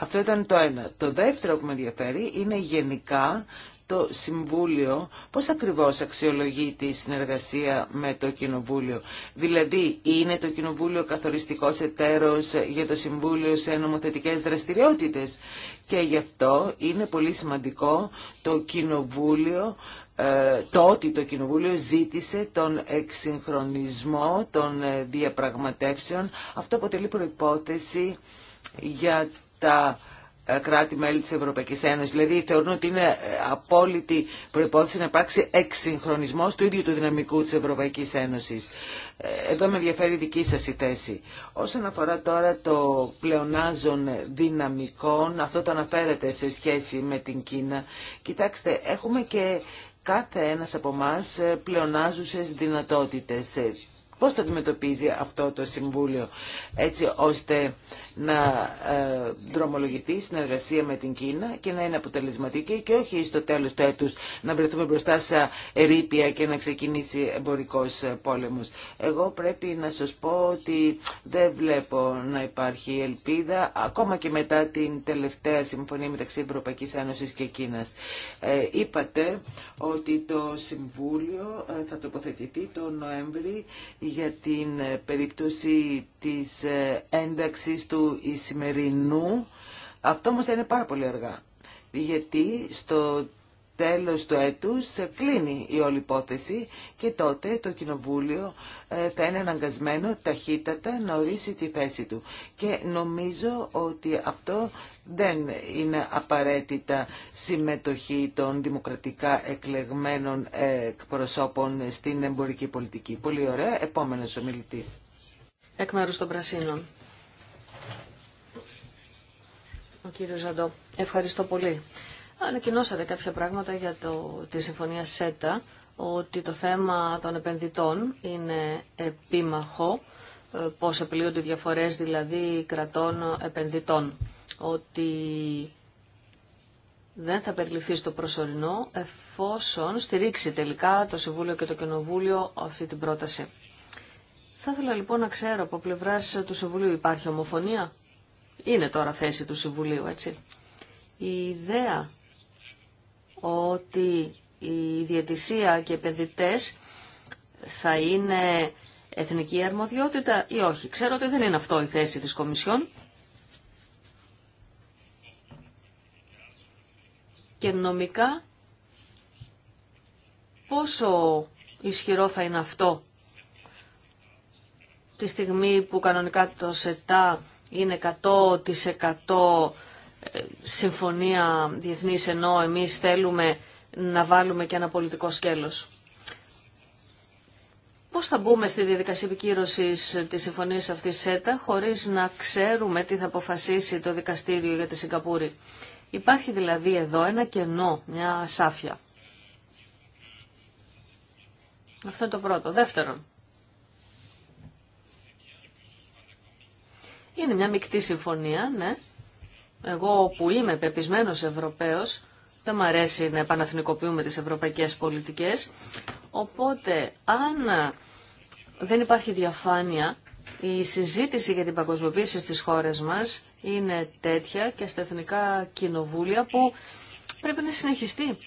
Αυτό ήταν το ένα. Το δεύτερο που με ενδιαφέρει είναι γενικά το Συμβούλιο πώς ακριβώς αξιολογεί τη συνεργασία με το Κοινοβούλιο. Δηλαδή, είναι το Κοινοβούλιο καθοριστικός εταίρος για το Συμβούλιο σε νομοθετικές δραστηριότητες και γι' αυτό είναι πολύ σημαντικό το Κοινοβούλιο ε, το ότι το Κοινοβούλιο ζήτησε τον εξυγχρονισμό των ε, διαπραγματεύσεων. Αυτό αποτελεί προϋπόθεση για τα ε, κράτη-μέλη της Ευρωπαϊκής Ένωσης. Δηλαδή θεωρούν ότι είναι ε, απόλυτη προϋπόθεση να υπάρξει εξυγχρονισμός του ίδιου του δυναμικού της Ευρωπαϊκής Ένωσης. Ε, εδώ με ενδιαφέρει δική σας η θέση. Όσον αφορά τώρα το πλεονάζον δυναμικών, αυτό το αναφέρεται σε σχέση με την Κίνα. Κοιτάξτε, έχουμε και κάθε ένας από εμά πλεονάζουσες δυνατότητες. Πώς το αντιμετωπίζει αυτό το Συμβούλιο έτσι ώστε να ε, δρομολογηθεί συνεργασία με την Κίνα και να είναι αποτελεσματική και όχι στο τέλος του έτους να βρεθούμε μπροστά σε ερήπια και να ξεκινήσει εμπορικός ε, πόλεμος. Εγώ πρέπει να σας πω ότι δεν βλέπω να υπάρχει ελπίδα ακόμα και μετά την τελευταία συμφωνία μεταξύ Ευρωπαϊκής Ένωσης και Κίνας. Ε, είπατε ότι το Συμβούλιο ε, θα τοποθετηθεί τον Νοέμβρη για την ε, περίπτωση της ε, ένταξης του Ισημερινού. Αυτό όμως είναι πάρα πολύ αργά, γιατί στο τέλος του έτους κλείνει η όλη υπόθεση και τότε το Κοινοβούλιο ε, θα είναι αναγκασμένο ταχύτατα να ορίσει τη θέση του. Και νομίζω ότι αυτό δεν είναι απαραίτητα συμμετοχή των δημοκρατικά εκλεγμένων εκπροσώπων στην εμπορική πολιτική. Πολύ ωραία. Επόμενος ομιλητής. Εκ μέρους των Πρασίνων. Ο κύριος Ζαντό, ευχαριστώ πολύ. Ανακοινώσατε κάποια πράγματα για το, τη συμφωνία ΣΕΤΑ, ότι το θέμα των επενδυτών είναι επίμαχο ε, πώς απειλούνται οι διαφορές δηλαδή κρατών επενδυτών. Ότι δεν θα περιληφθεί στο προσωρινό εφόσον στηρίξει τελικά το Συμβούλιο και το Κοινοβούλιο αυτή την πρόταση. Θα ήθελα λοιπόν να ξέρω από πλευρά του Συμβουλίου υπάρχει ομοφωνία. Είναι τώρα θέση του Συμβουλίου, έτσι. Η ιδέα ότι η διατησία και οι επενδυτές θα είναι εθνική αρμοδιότητα ή όχι. Ξέρω ότι δεν είναι αυτό η θέση της Κομισιόν. Και νομικά πόσο ισχυρό θα είναι αυτό τη στιγμή που κανονικά το ΣΕΤΑ είναι 100% ε, συμφωνία διεθνής ενώ εμείς θέλουμε να βάλουμε και ένα πολιτικό σκέλος. Πώ θα μπούμε στη διαδικασία επικύρωσης της συμφωνίας αυτής ΣΕΤΑ χωρίς να ξέρουμε τι θα αποφασίσει το δικαστήριο για τη Σιγκαπούρη. Υπάρχει δηλαδή εδώ ένα κενό, μια σάφια. Αυτό είναι το πρώτο. Δεύτερον, είναι μια μεικτή συμφωνία, ναι. Εγώ που είμαι πεπισμένος Ευρωπαίος, δεν μου αρέσει να επαναθνικοποιούμε τις ευρωπαϊκές πολιτικές. Οπότε, αν δεν υπάρχει διαφάνεια, η συζήτηση για την παγκοσμιοποίηση στις χώρες μας είναι τέτοια και στα εθνικά κοινοβούλια που πρέπει να συνεχιστεί.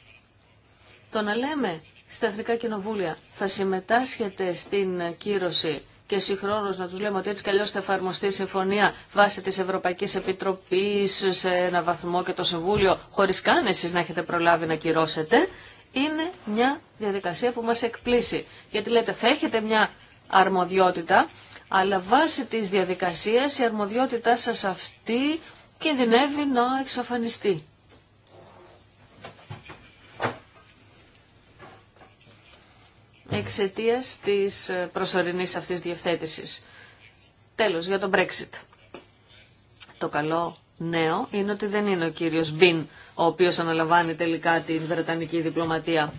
Το να λέμε στα εθνικά κοινοβούλια θα συμμετάσχετε στην κύρωση και συγχρόνω να του λέμε ότι έτσι καλώ θα εφαρμοστεί η συμφωνία βάσει τη Ευρωπαϊκή Επιτροπή σε ένα βαθμό και το Συμβούλιο, χωρί καν εσεί να έχετε προλάβει να κυρώσετε, είναι μια διαδικασία που μα εκπλήσει. Γιατί λέτε, θα έχετε μια αρμοδιότητα, αλλά βάσει τη διαδικασία η αρμοδιότητά σα αυτή κινδυνεύει να εξαφανιστεί. Εξαιτία της ε, προσωρινή αυτής διευθέτησης. Τέλος, για τον Brexit. Το καλό νέο είναι ότι δεν είναι ο κύριος Μπιν ο οποίος αναλαμβάνει τελικά την Βρετανική διπλωματία.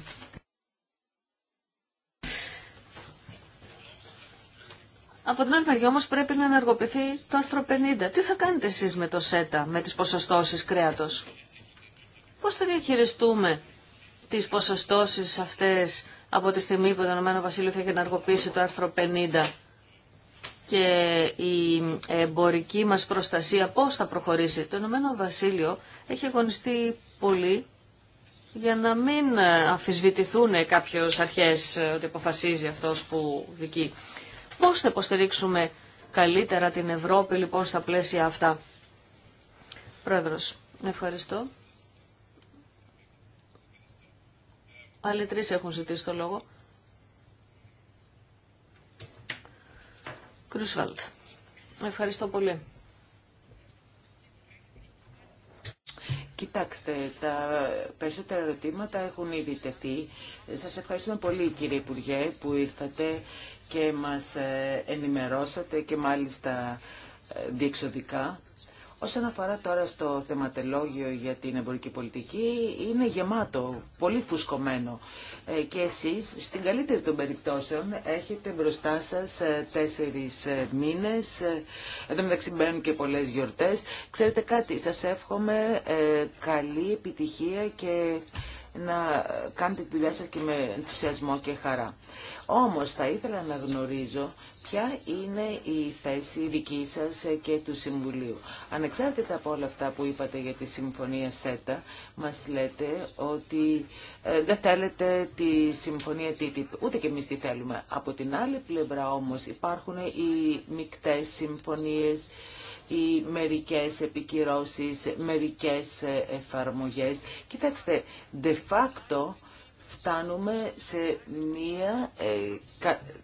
Από την άλλη μεριά όμως πρέπει να ενεργοποιηθεί το άρθρο 50. Τι θα κάνετε εσείς με το ΣΕΤΑ, με τις ποσοστώσεις κρέατος. Πώς θα διαχειριστούμε τις ποσοστώσεις αυτές από τη στιγμή που το Ηνωμένο Βασίλειο θα έχει ενεργοποιήσει το άρθρο 50 και η εμπορική μας προστασία πώς θα προχωρήσει. Το Ηνωμένο Βασίλειο έχει αγωνιστεί πολύ για να μην αφισβητηθούν κάποιες αρχές ότι αποφασίζει αυτός που δικεί. Πώς θα υποστηρίξουμε καλύτερα την Ευρώπη λοιπόν στα πλαίσια αυτά. Πρόεδρος, ευχαριστώ. Άλλοι τρει έχουν ζητήσει το λόγο. Κρουσβάλτ. Ευχαριστώ πολύ. Κοιτάξτε, τα περισσότερα ερωτήματα έχουν ήδη τεθεί. Σας ευχαριστούμε πολύ κύριε Υπουργέ που ήρθατε και μας ε, ενημερώσατε και μάλιστα ε, διεξοδικά. Όσον αφορά τώρα στο θεματελόγιο για την εμπορική πολιτική, είναι γεμάτο, πολύ φουσκωμένο. Ε, και εσείς, στην καλύτερη των περιπτώσεων, έχετε μπροστά σας ε, τέσσερις ε, μήνες, εδώ μεταξύ μπαίνουν και πολλές γιορτές. Ξέρετε κάτι, σας εύχομαι καλή επιτυχία και να κάνετε τη δουλειά σας και με ενθουσιασμό και χαρά. Όμως θα ήθελα να γνωρίζω ποια είναι η θέση δική σας και του Συμβουλίου. Ανεξάρτητα από όλα αυτά που είπατε για τη Συμφωνία ΣΕΤΑ, μας λέτε ότι ε, δεν θέλετε τη Συμφωνία TTIP, ούτε και εμείς τη θέλουμε. Από την άλλη πλευρά όμως υπάρχουν οι μικτές συμφωνίες, ή μερικές επικυρώσεις, μερικές ε, εφαρμογές. Κοιτάξτε, de facto φτάνουμε σε μία ε,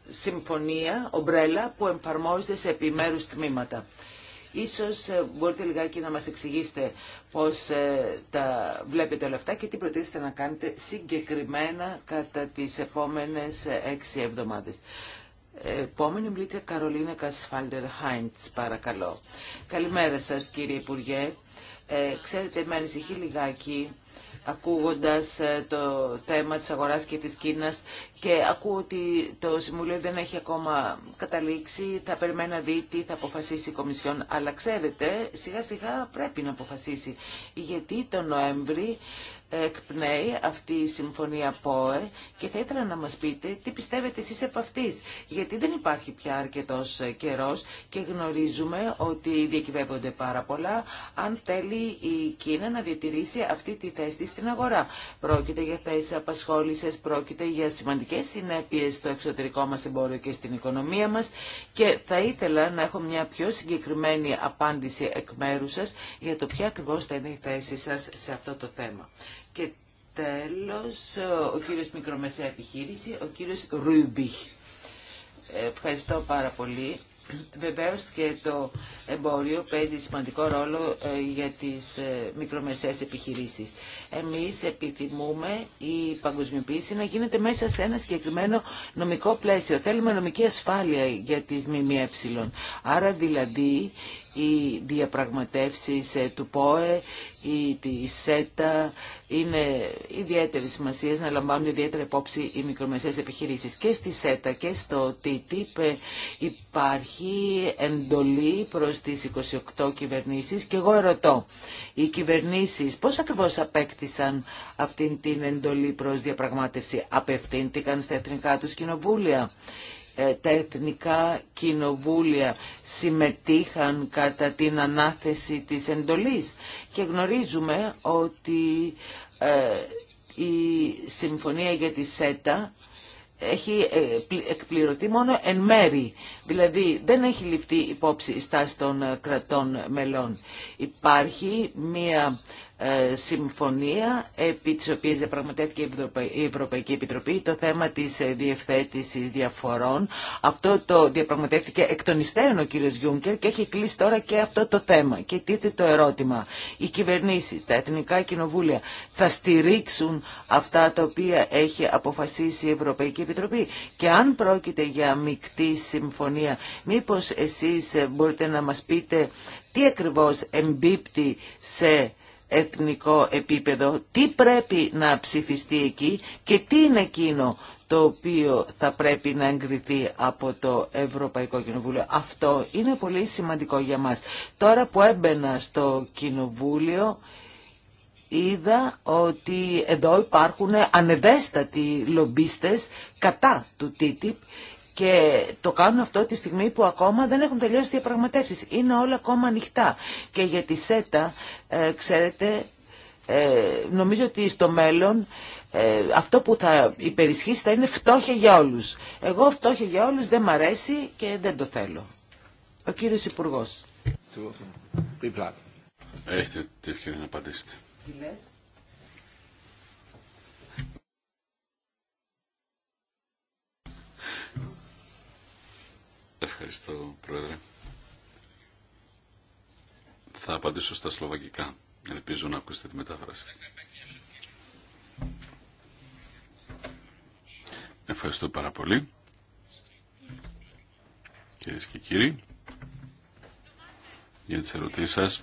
συμφωνία, ομπρέλα, που εμφαρμόζεται σε επιμέρους τμήματα. Ίσως ε, μπορείτε λιγάκι να μας εξηγήσετε πώς ε, τα βλέπετε όλα αυτά και τι προτείνετε να κάνετε συγκεκριμένα κατά τις επόμενες έξι εβδομάδες. Επόμενη μιλήτρια Καρολίνα Κασφάλτερ Χάιντς, παρακαλώ. Καλημέρα σας κύριε Υπουργέ. Ε, ξέρετε, με ανησυχεί λιγάκι ακούγοντας ε, το θέμα της αγοράς και της Κίνας και ακούω ότι το Συμβουλίο δεν έχει ακόμα καταλήξει, θα περιμένω να δει τι θα αποφασίσει η Κομισιόν. Αλλά ξέρετε, σιγά σιγά πρέπει να αποφασίσει, γιατί το Νοέμβρη εκπνέει αυτή η συμφωνία ΠΟΕ και θα ήθελα να μας πείτε τι πιστεύετε εσείς από αυτής. Γιατί δεν υπάρχει πια αρκετός καιρός και γνωρίζουμε ότι διακυβεύονται πάρα πολλά αν θέλει η Κίνα να διατηρήσει αυτή τη θέση στην αγορά. Πρόκειται για θέσεις απασχόληση, πρόκειται για σημαντικές συνέπειες στο εξωτερικό μας εμπόριο και στην οικονομία μας και θα ήθελα να έχω μια πιο συγκεκριμένη απάντηση εκ μέρου σας για το ποια ακριβώς θα είναι η θέση σας σε αυτό το θέμα. Και τέλος, ο κύριος Μικρομεσαία Επιχείρηση, ο κύριος Ρούμπιχ. Ευχαριστώ πάρα πολύ. Βεβαίως και το εμπόριο παίζει σημαντικό ρόλο ε, για τις ε, μικρομεσαίες επιχειρήσεις. Εμείς επιθυμούμε η παγκοσμιοποίηση να γίνεται μέσα σε ένα συγκεκριμένο νομικό πλαίσιο. Θέλουμε νομική ασφάλεια για τις ΜΜΕ. Άρα δηλαδή οι διαπραγματεύσεις ε, του ΠΟΕ ή τη ΣΕΤΑ είναι ιδιαίτερη σημασία να λαμβάνουν ιδιαίτερη υπόψη οι μικρομεσαίες επιχειρήσεις. Και στη ΣΕΤΑ και στο TTIP ε, υπάρχει εντολή προς τις 28 κυβερνήσεις και εγώ ερωτώ, οι κυβερνήσεις πώς ακριβώς απέκτησαν αυτήν την εντολή προς διαπραγμάτευση, απευθύνθηκαν στα εθνικά τους κοινοβούλια. Ε, τα εθνικά κοινοβούλια συμμετείχαν κατά την ανάθεση της εντολής και γνωρίζουμε ότι ε, η συμφωνία για τη ΣΕΤΑ έχει ε, εκπληρωθεί μόνο εν μέρη. Δηλαδή δεν έχει ληφθεί υπόψη η στάση των κρατών μελών. Υπάρχει μία ε, συμφωνία επί της οποίας διαπραγματεύτηκε η Ευρωπαϊκή Επιτροπή το θέμα της ε, διευθέτησης διαφορών. Αυτό το διαπραγματεύτηκε εκ των υστέρων ο κύριος Γιούγκερ και έχει κλείσει τώρα και αυτό το θέμα. Και τίθεται το ερώτημα. Οι κυβερνήσεις, τα εθνικά κοινοβούλια θα στηρίξουν αυτά τα οποία έχει αποφασίσει η Ευρωπαϊκή Επιτροπή. Και αν πρόκειται για μεικτή συμφωνία, μήπως εσείς ε, μπορείτε να μας πείτε τι ακριβώς εμπίπτει σε εθνικό επίπεδο, τι πρέπει να ψηφιστεί εκεί και τι είναι εκείνο το οποίο θα πρέπει να εγκριθεί από το Ευρωπαϊκό Κοινοβούλιο. Αυτό είναι πολύ σημαντικό για μας. Τώρα που έμπαινα στο Κοινοβούλιο είδα ότι εδώ υπάρχουν ανεβέστατοι λομπίστες κατά του TTIP και το κάνουν αυτό τη στιγμή που ακόμα δεν έχουν τελειώσει οι διαπραγματεύσεις. Είναι όλα ακόμα ανοιχτά. Και για τη ΣΕΤΑ, ε, ξέρετε, ε, νομίζω ότι στο μέλλον ε, αυτό που θα υπερισχύσει θα είναι φτώχεια για όλους. Εγώ φτώχεια για όλους δεν μ' αρέσει και δεν το θέλω. Ο κύριος Υπουργός. Έχετε την ευκαιρία να απαντήσετε. Τι Ευχαριστώ, Πρόεδρε. Θα απαντήσω στα σλοβακικά. Ελπίζω να ακούσετε τη μετάφραση. Ευχαριστώ πάρα πολύ. Κυρίε και κύριοι, για τις ερωτήσεις σας.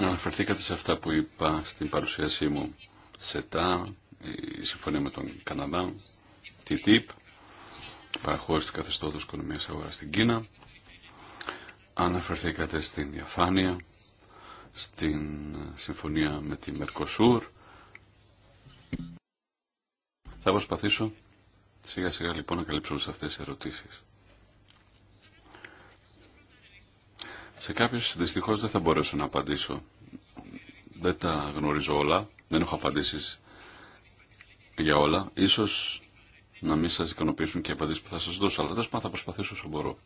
Αναφερθήκατε σε αυτά που είπα στην παρουσίασή μου. ΣΕΤΑ, η συμφωνία με τον Καναδά, τη ΤΥΠ, παραχώρηση του καθεστώτος οικονομίας αγοράς στην Κίνα. Αναφερθήκατε στην διαφάνεια, στην συμφωνία με τη Μερκοσούρ. Θα προσπαθήσω σιγά σιγά λοιπόν να καλύψω όλες αυτές τις ερωτήσεις. Σε κάποιους δυστυχώς δεν θα μπορέσω να απαντήσω. Δεν τα γνωρίζω όλα, δεν έχω απαντήσεις για όλα. Ίσως να μην σα ικανοποιήσουν και οι απαντήσει που θα σα δώσω, αλλά τόσο θα προσπαθήσω όσο μπορώ.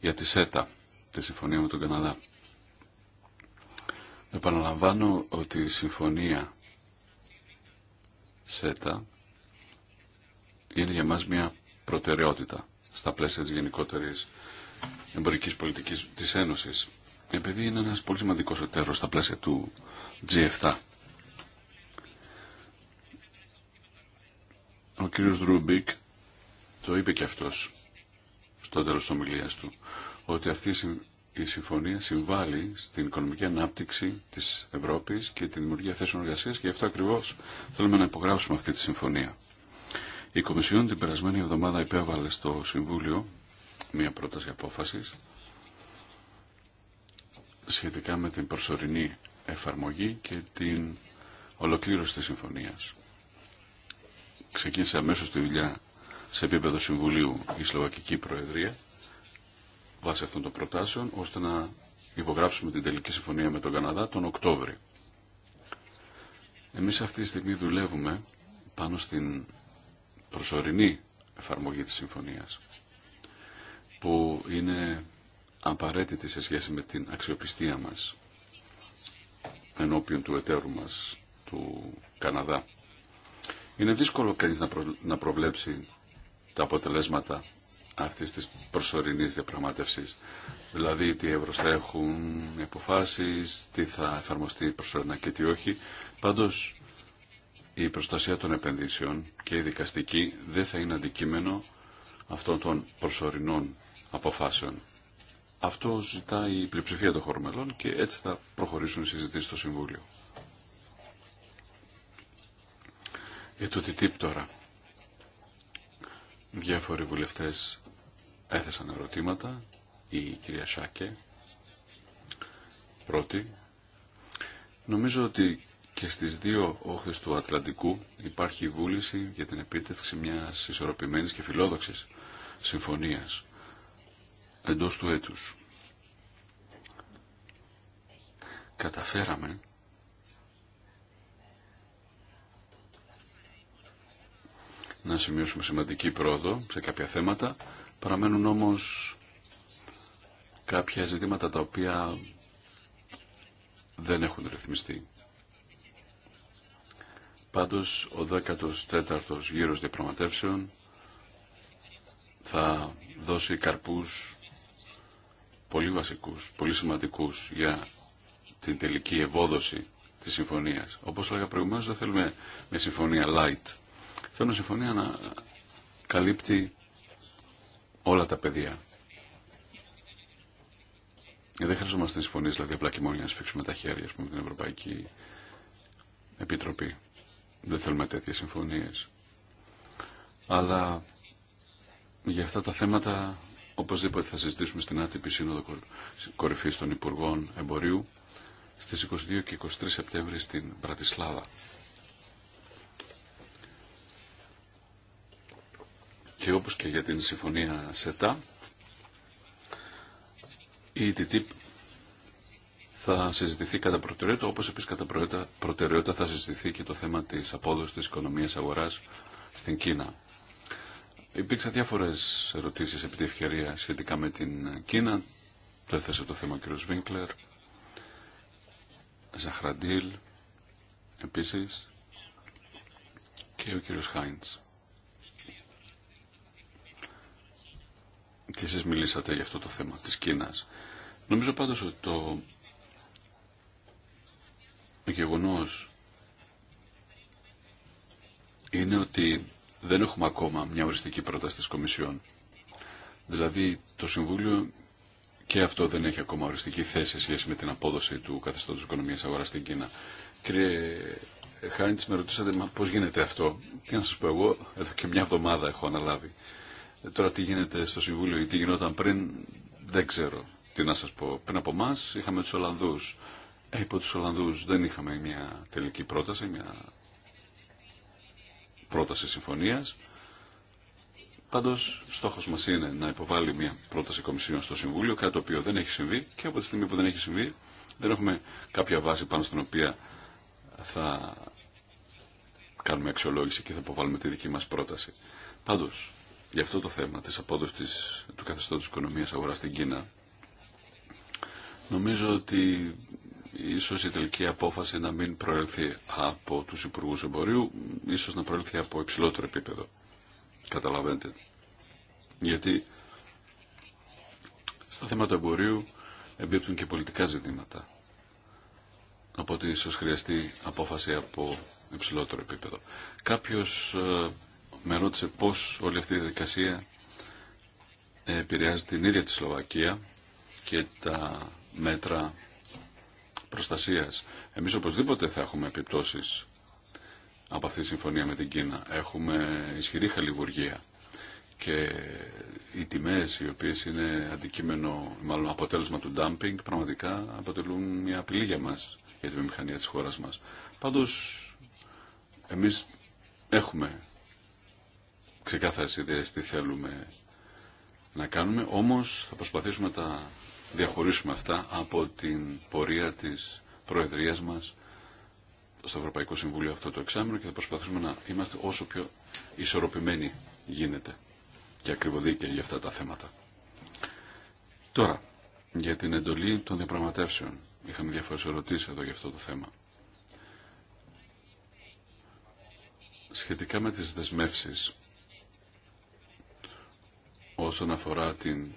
Για τη ΣΕΤΑ, τη συμφωνία με τον Καναδά. Επαναλαμβάνω ότι η συμφωνία ΣΕΤΑ είναι για μας μια προτεραιότητα στα πλαίσια της γενικότερης εμπορικής πολιτικής της Ένωσης. Επειδή είναι ένας πολύ σημαντικός εταίρος στα πλαίσια του G7. Ο κύριος Ρούμπικ το είπε και αυτός στο τέλος της ομιλίας του, ότι αυτή η συμφωνία συμβάλλει στην οικονομική ανάπτυξη της Ευρώπης και τη δημιουργία θέσεων εργασίας και γι' αυτό ακριβώς θέλουμε να υπογράψουμε αυτή τη συμφωνία. Η Κομισιόν την περασμένη εβδομάδα υπέβαλε στο Συμβούλιο μία πρόταση απόφασης σχετικά με την προσωρινή εφαρμογή και την ολοκλήρωση της συμφωνίας ξεκίνησε αμέσω τη δουλειά σε επίπεδο Συμβουλίου η Σλοβακική Προεδρία βάσει αυτών των προτάσεων ώστε να υπογράψουμε την τελική συμφωνία με τον Καναδά τον Οκτώβρη. Εμείς αυτή τη στιγμή δουλεύουμε πάνω στην προσωρινή εφαρμογή της συμφωνίας που είναι απαραίτητη σε σχέση με την αξιοπιστία μας ενώπιον του εταίρου μας του Καναδά. Είναι δύσκολο κανείς να, προβλέψει τα αποτελέσματα αυτής της προσωρινής διαπραγμάτευσης. Δηλαδή τι εύρος θα έχουν οι αποφάσεις, τι θα εφαρμοστεί προσωρινά και τι όχι. Πάντως η προστασία των επενδύσεων και η δικαστική δεν θα είναι αντικείμενο αυτών των προσωρινών αποφάσεων. Αυτό ζητάει η πλειοψηφία των και έτσι θα προχωρήσουν οι συζητήσεις στο Συμβούλιο. Για το TTIP τώρα. Διάφοροι βουλευτές έθεσαν ερωτήματα. Η κυρία Σάκε, πρώτη. Νομίζω ότι και στις δύο όχθες του Ατλαντικού υπάρχει βούληση για την επίτευξη μιας ισορροπημένης και φιλόδοξης συμφωνίας εντός του έτους. Καταφέραμε να σημειώσουμε σημαντική πρόοδο σε κάποια θέματα. Παραμένουν όμως κάποια ζητήματα τα οποία δεν έχουν ρυθμιστεί. Πάντως, ο 14ος γύρος διαπραγματεύσεων θα δώσει καρπούς πολύ βασικούς, πολύ σημαντικούς για την τελική ευόδοση της συμφωνίας. Όπως λέγα προηγουμένως, δεν θέλουμε μια συμφωνία light. Θέλω συμφωνία να καλύπτει όλα τα πεδία. Ε, δεν χρειαζόμαστε συμφωνίε δηλαδή απλά και μόνο για να σφίξουμε τα χέρια με την Ευρωπαϊκή Επιτροπή. Δεν θέλουμε τέτοιε συμφωνίε. Αλλά για αυτά τα θέματα οπωσδήποτε θα συζητήσουμε στην άτυπη Σύνοδο Κορυφής των Υπουργών Εμπορίου στις 22 και 23 Σεπτέμβρη στην Πρατισλάβα. και όπως και για την συμφωνία ΣΕΤΑ, η TTIP θα συζητηθεί κατά προτεραιότητα, όπως επίσης κατά προτεραιότητα θα συζητηθεί και το θέμα της απόδοσης της οικονομίας αγοράς στην Κίνα. Υπήρξαν διάφορες ερωτήσεις επί τη ευκαιρία σχετικά με την Κίνα. Το έθεσε το θέμα ο κ. Βίνκλερ, Ζαχραντήλ, επίσης και ο κ. Χάιντς. και εσείς μιλήσατε για αυτό το θέμα της Κίνας. Νομίζω πάντως ότι το γεγονός είναι ότι δεν έχουμε ακόμα μια οριστική πρόταση της Κομισιόν. Δηλαδή το Συμβούλιο και αυτό δεν έχει ακόμα οριστική θέση σε σχέση με την απόδοση του καθεστώτος οικονομίας αγορά στην Κίνα. Κύριε Χάιντς, με ρωτήσατε πώς γίνεται αυτό. Τι να σας πω εγώ, εδώ και μια εβδομάδα έχω αναλάβει ε, τώρα τι γίνεται στο Συμβούλιο ή τι γινόταν πριν, δεν ξέρω τι να σας πω. Πριν από εμά είχαμε τους Ολλανδούς. Ε, υπό τους Ολλανδούς δεν είχαμε μια τελική πρόταση, μια πρόταση συμφωνίας. πάντως στόχος μας είναι να υποβάλει μια πρόταση κομισιόν στο Συμβούλιο, κάτι το οποίο δεν έχει συμβεί και από τη στιγμή που δεν έχει συμβεί, δεν έχουμε κάποια βάση πάνω στην οποία θα κάνουμε αξιολόγηση και θα υποβάλουμε τη δική μας πρόταση. Πάντως, για αυτό το θέμα της απόδοσης του καθεστώτος οικονομίας αγορά στην Κίνα νομίζω ότι ίσως η τελική απόφαση να μην προέλθει από τους Υπουργούς Εμπορίου ίσως να προέλθει από υψηλότερο επίπεδο καταλαβαίνετε γιατί στα θέματα εμπορίου εμπίπτουν και πολιτικά ζητήματα οπότε ίσως χρειαστεί απόφαση από υψηλότερο επίπεδο κάποιος ε, με ρώτησε πώς όλη αυτή η διαδικασία επηρεάζει την ίδια τη Σλοβακία και τα μέτρα προστασίας. Εμείς οπωσδήποτε θα έχουμε επιπτώσεις από αυτή τη συμφωνία με την Κίνα. Έχουμε ισχυρή χαλιβουργία και οι τιμές οι οποίες είναι αντικείμενο, μάλλον αποτέλεσμα του dumping, πραγματικά αποτελούν μια απειλή για μας, για τη μηχανία της χώρας μας. Πάντως, εμείς έχουμε ξεκάθαρες ιδέες τι θέλουμε να κάνουμε, όμως θα προσπαθήσουμε να τα διαχωρίσουμε αυτά από την πορεία της Προεδρίας μας στο Ευρωπαϊκό Συμβούλιο αυτό το εξάμεινο και θα προσπαθήσουμε να είμαστε όσο πιο ισορροπημένοι γίνεται και ακριβοδίκαιοι για αυτά τα θέματα. Τώρα, για την εντολή των διαπραγματεύσεων. Είχαμε διάφορες ερωτήσεις εδώ για αυτό το θέμα. Σχετικά με τις δεσμεύσεις όσον αφορά την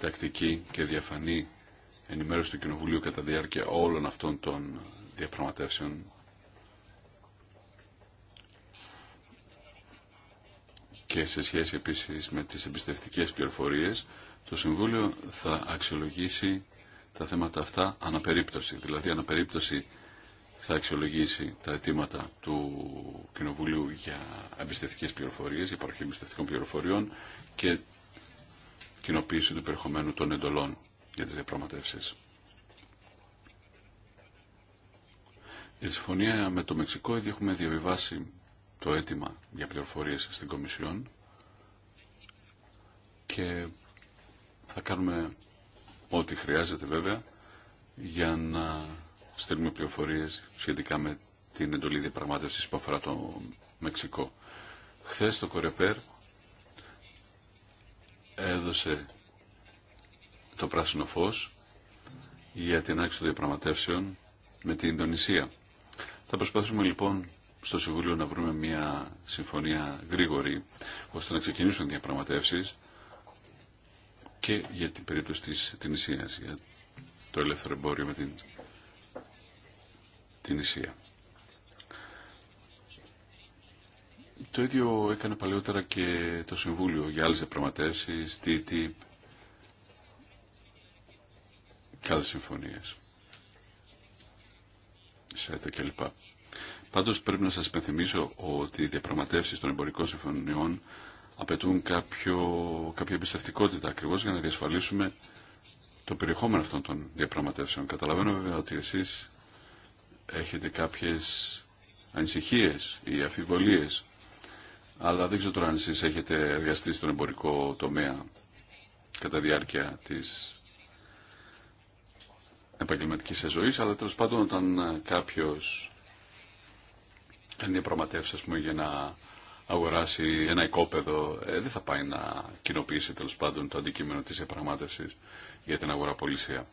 τακτική και διαφανή ενημέρωση του Κοινοβουλίου κατά διάρκεια όλων αυτών των διαπραγματεύσεων και σε σχέση επίσης με τις εμπιστευτικές πληροφορίες, το Συμβούλιο θα αξιολογήσει τα θέματα αυτά αναπερίπτωση. Δηλαδή αναπερίπτωση θα αξιολογήσει τα αιτήματα του Κοινοβουλίου για εμπιστευτικές πληροφορίες, υπαρχή εμπιστευτικών πληροφοριών και κοινοποίηση του περιεχομένου των εντολών για τις διαπραγματεύσεις. Η συμφωνία με το Μεξικό ήδη έχουμε διαβιβάσει το αίτημα για πληροφορίες στην Κομισιόν και θα κάνουμε ό,τι χρειάζεται βέβαια για να στέλνουμε πληροφορίε σχετικά με την εντολή διαπραγμάτευση που αφορά το Μεξικό. Χθες το Κορεπέρ έδωσε το πράσινο φως για την άξιση των διαπραγματεύσεων με την Ινδονησία. Θα προσπαθήσουμε λοιπόν στο Συμβούλιο να βρούμε μια συμφωνία γρήγορη ώστε να ξεκινήσουν διαπραγματεύσει και για την περίπτωση της Τινησίας, για το ελεύθερο εμπόριο με την την Ισία. Το ίδιο έκανε παλαιότερα και το Συμβούλιο για άλλες διαπραγματεύσεις, TTIP και άλλες συμφωνίες. ΣΕΤΑ Πάντως πρέπει να σας υπενθυμίσω ότι οι διαπραγματεύσεις των εμπορικών συμφωνιών απαιτούν κάποιο, κάποια εμπιστευτικότητα ακριβώς για να διασφαλίσουμε το περιεχόμενο αυτών των διαπραγματεύσεων. Καταλαβαίνω βέβαια ότι εσείς έχετε κάποιες ανησυχίες ή αφιβολίες. Αλλά δεν ξέρω τώρα αν εσείς έχετε εργαστεί στον εμπορικό τομέα κατά διάρκεια της επαγγελματικής σας ζωής, αλλά τέλος πάντων όταν κάποιος κάνει διαπραγματεύσει ας για να αγοράσει ένα οικόπεδο, ε, δεν θα πάει να κοινοποιήσει τέλος πάντων το αντικείμενο της διαπραγμάτευσης για την αγορά πολισία.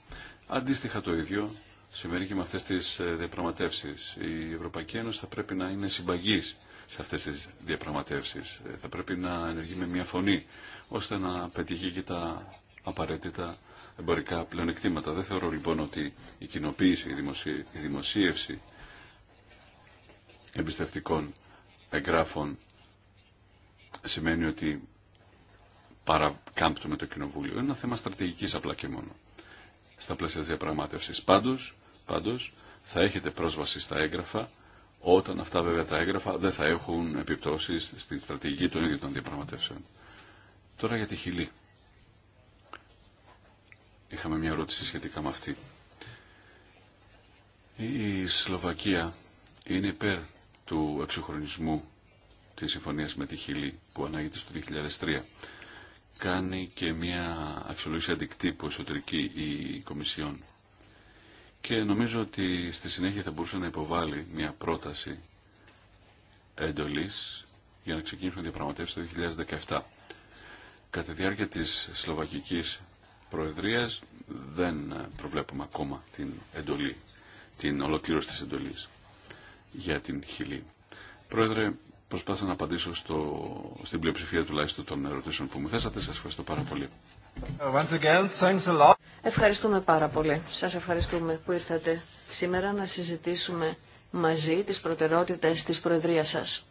Αντίστοιχα το ίδιο συμβαίνει και με αυτές τις ε, διαπραγματεύσεις. Η Ευρωπαϊκή Ένωση θα πρέπει να είναι συμπαγής σε αυτές τις διαπραγματεύσεις. Ε, θα πρέπει να ενεργεί με μια φωνή, ώστε να πετύχει και τα απαραίτητα εμπορικά πλεονεκτήματα. Δεν θεωρώ λοιπόν ότι η κοινοποίηση, η δημοσίευση εμπιστευτικών εγγράφων σημαίνει ότι παρακάμπτουμε το Κοινοβούλιο. Είναι ένα θέμα στρατηγικής απλά και μόνο στα πλαίσια της διαπραγματεύση Πάντως, Πάντως θα έχετε πρόσβαση στα έγγραφα όταν αυτά βέβαια τα έγγραφα δεν θα έχουν επιπτώσεις στην στρατηγική των ίδιων των διαπραγματεύσεων. Τώρα για τη χιλή. Είχαμε μια ερώτηση σχετικά με αυτή. Η Σλοβακία είναι υπέρ του εξυγχρονισμού της συμφωνίας με τη Χιλή που ανάγεται στο 2003. Κάνει και μια αξιολόγηση αντικτύπου εσωτερική η Κομισιόν και νομίζω ότι στη συνέχεια θα μπορούσε να υποβάλει μια πρόταση εντολής για να ξεκινήσουν διαπραγματεύσει το 2017. Κατά τη διάρκεια της Σλοβακικής Προεδρίας δεν προβλέπουμε ακόμα την εντολή, την ολοκλήρωση της εντολής για την Χιλή. Πρόεδρε, προσπάθησα να απαντήσω στο, στην πλειοψηφία τουλάχιστον των ερωτήσεων που μου θέσατε. Σας ευχαριστώ πάρα πολύ. Once again, Ευχαριστούμε πάρα πολύ. Σας ευχαριστούμε που ήρθατε σήμερα να συζητήσουμε μαζί τις προτεραιότητες της Προεδρίας σας.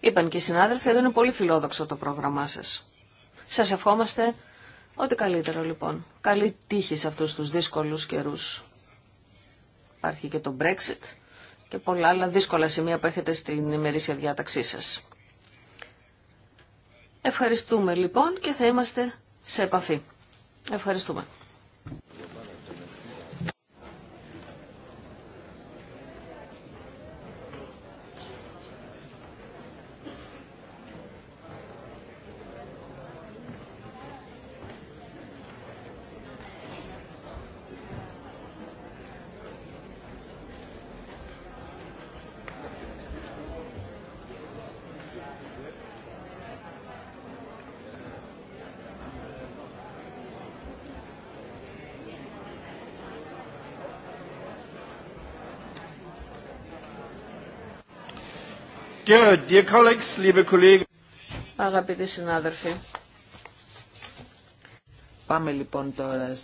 Είπαν και οι συνάδελφοι, εδώ είναι πολύ φιλόδοξο το πρόγραμμά σας. Σας ευχόμαστε ό,τι καλύτερο λοιπόν. Καλή τύχη σε αυτούς τους δύσκολους καιρούς. Υπάρχει και το Brexit και πολλά άλλα δύσκολα σημεία που έχετε στην ημερήσια διάταξή σας. Ευχαριστούμε λοιπόν και θα είμαστε σε επαφή. Ευχαριστούμε. Dear, Αγαπητοί συνάδελφοι, πάμε λοιπόν τώρα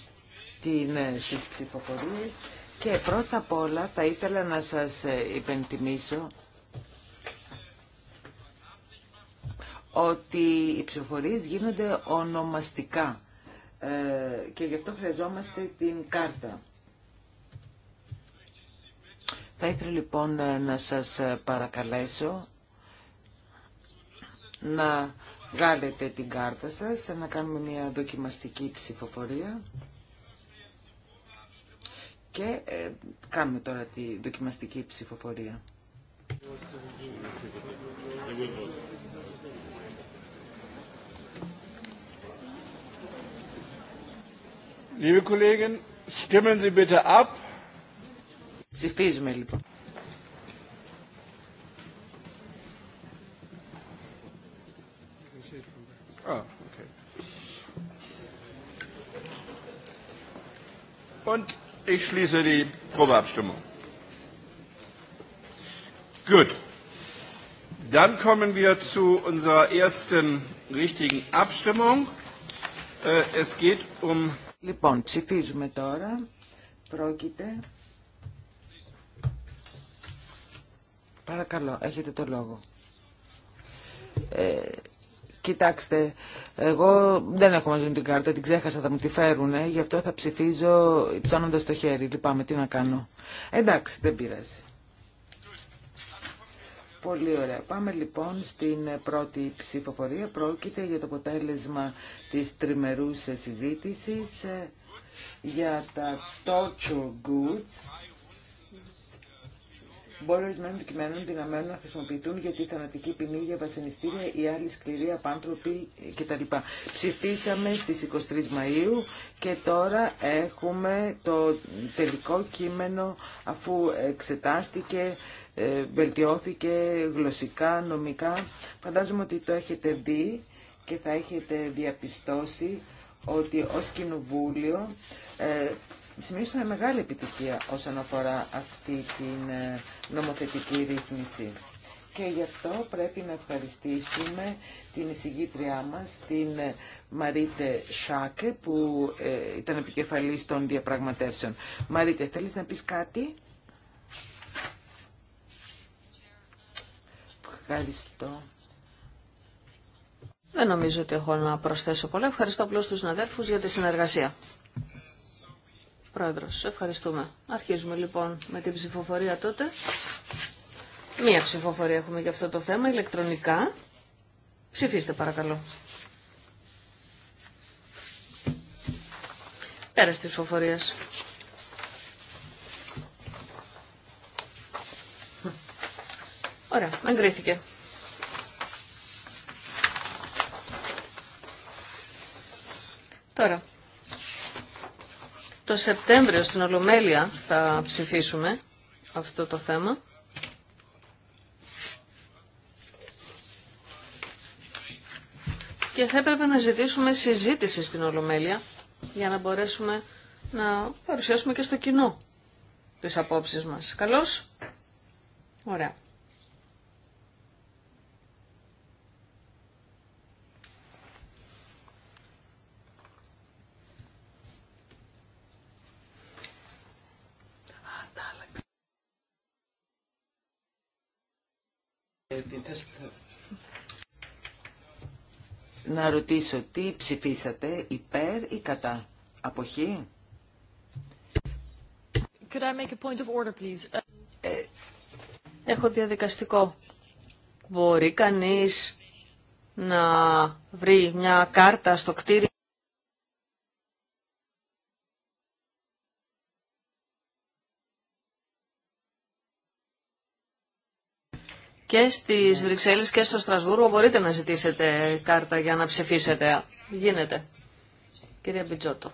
στις ψηφοφορίε και πρώτα απ' όλα θα ήθελα να σας ε, υπενθυμίσω ότι οι ψηφοφορίες γίνονται ονομαστικά ε, και γι' αυτό χρειαζόμαστε την κάρτα. Θα ήθελα λοιπόν ε, να σας παρακαλέσω να βγάλετε την κάρτα σας, να κάνουμε μια δοκιμαστική ψηφοφορία. Και ε, κάνουμε τώρα τη δοκιμαστική ψηφοφορία. Liebe Kollegen, stimmen Sie bitte ab. Ψηφίζουμε λοιπόν. Ah, okay. Und ich schließe die Probeabstimmung. Gut. Dann kommen wir zu unserer ersten richtigen Abstimmung. Es geht um Λοιπόν, ψηφίζουμε τώρα. Πρόκειται. Παρακαλώ, έχετε το λόγο. Κοιτάξτε, εγώ δεν έχω μαζί μου την κάρτα, την ξέχασα, θα μου τη φέρουνε, γι' αυτό θα ψηφίζω ψώνοντα το χέρι. Λυπάμαι, τι να κάνω. Εντάξει, δεν πειράζει. Πολύ ωραία. Πάμε λοιπόν στην πρώτη ψηφοφορία. Πρόκειται για το αποτέλεσμα της τριμερούς συζήτησης για τα torture goods μπορεί ορισμένων δικημένων δυναμένων να χρησιμοποιηθούν για τη θανατική ποινή, για βασανιστήρια ή άλλη σκληρή απάνθρωπη κτλ. Ψηφίσαμε στις 23 Μαΐου και τώρα έχουμε το τελικό κείμενο αφού εξετάστηκε ε, βελτιώθηκε γλωσσικά, νομικά. Φαντάζομαι ότι το έχετε δει και θα έχετε διαπιστώσει ότι ως Κοινοβούλιο ε, σημειώσαμε μεγάλη επιτυχία όσον αφορά αυτή την ε, νομοθετική ρύθμιση. Και γι' αυτό πρέπει να ευχαριστήσουμε την εισηγήτριά μας, την ε, Μαρίτε Σάκε, που ε, ήταν επικεφαλής των διαπραγματεύσεων. Μαρίτε, θέλεις να πεις κάτι? Ευχαριστώ. Δεν νομίζω ότι έχω να προσθέσω πολλά. Ευχαριστώ απλώ τους συναδέλφους για τη συνεργασία. Πρόεδρος, ευχαριστούμε. Αρχίζουμε λοιπόν με την ψηφοφορία τότε. Μία ψηφοφορία έχουμε για αυτό το θέμα, ηλεκτρονικά. Ψηφίστε παρακαλώ. Πέρα της ψηφοφορίας. Ωραία, εγκρίθηκε. Τώρα, το Σεπτέμβριο στην Ολομέλεια θα ψηφίσουμε αυτό το θέμα. Και θα έπρεπε να ζητήσουμε συζήτηση στην Ολομέλεια για να μπορέσουμε να παρουσιάσουμε και στο κοινό τις απόψεις μας. Καλώς. Ωραία. να ρωτήσω τι ψηφίσατε, υπέρ ή κατά. Αποχή. Could I make a point of order, please? Ε, έχω διαδικαστικό. Μπορεί κανείς να βρει μια κάρτα στο κτίριο. και στις Βρυξέλλε και στο Στρασβούργο μπορείτε να ζητήσετε κάρτα για να ψηφίσετε. Γίνεται. Κυρία Μπιτζότο.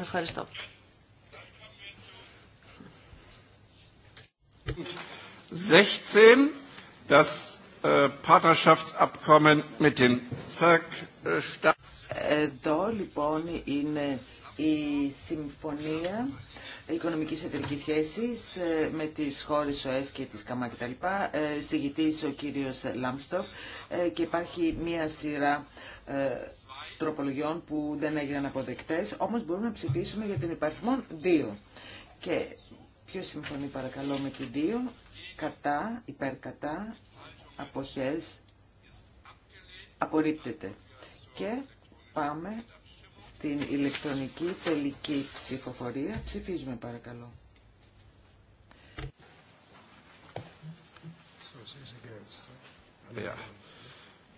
Ευχαριστώ. Das äh, mit äh, Εδώ λοιπόν είναι η συμφωνία οικονομικής εταιρικής σχέσης ε, με τις χώρες ΟΕΣ και τις ΚΑΜΑ κτλ. Ε, συγητής ο κύριος Λάμστοφ ε, και υπάρχει μία σειρά τροπολογιών που δεν έγιναν αποδεκτές, όμως μπορούμε να ψηφίσουμε για την υπαρχμόν δύο. Και ποιο συμφωνεί παρακαλώ με την δύο. κατά, υπερκατά, αποχές, απορρίπτεται. Και πάμε την ηλεκτρονική τελική ψηφοφορία. Ψηφίζουμε παρακαλώ.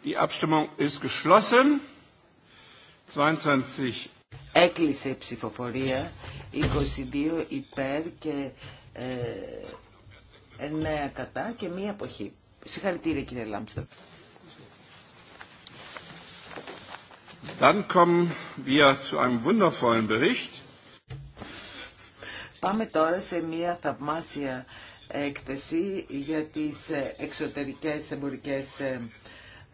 Η Abstimmung ist geschlossen. 22. Έκλεισε η ψηφοφορία 22 υπέρ και ε, 9 κατά και μία αποχή. Συγχαρητήρια κύριε Λάμπστορ. Dann kommen wir zu einem wundervollen Bericht. Πάμε τώρα σε μια θαυμάσια έκθεση για τις εξωτερικές εμπορικές ε,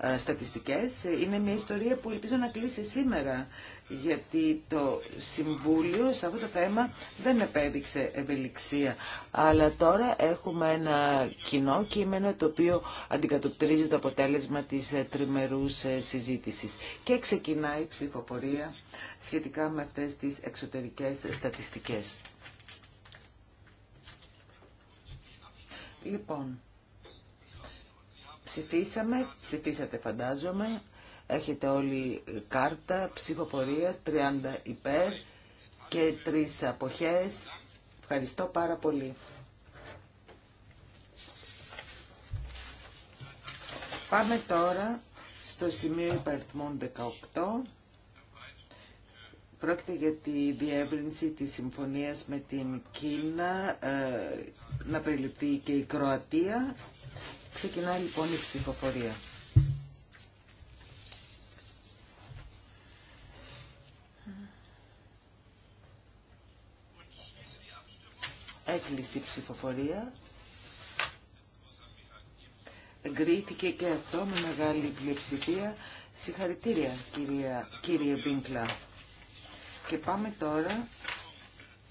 ε, στατιστικές. Είναι μια ιστορία που ελπίζω να κλείσει σήμερα, γιατί το Συμβούλιο σε αυτό το θέμα δεν επέδειξε ευελιξία. Αλλά τώρα έχουμε ένα κοινό κείμενο το οποίο αντικατοπτρίζει το αποτέλεσμα της ε, τριμερούς ε, συζήτησης. Και ξεκινάει η ψηφοφορία σχετικά με αυτές τις εξωτερικές στατιστικές. Λοιπόν, Ψηφίσαμε, ψηφίσατε φαντάζομαι. Έχετε όλη κάρτα ψηφοφορίας, 30 υπέρ και τρεις αποχές. Ευχαριστώ πάρα πολύ. Πάμε τώρα στο σημείο υπαριθμών 18. Πρόκειται για τη διεύρυνση της συμφωνίας με την Κίνα, ε, να περιληφθεί και η Κροατία. Ξεκινάει λοιπόν η ψηφοφορία. Έκλεισε η ψηφοφορία. Εγκρίθηκε και αυτό με μεγάλη πλειοψηφία. Συγχαρητήρια κυρία, κύριε Μπίνκλα. Και πάμε τώρα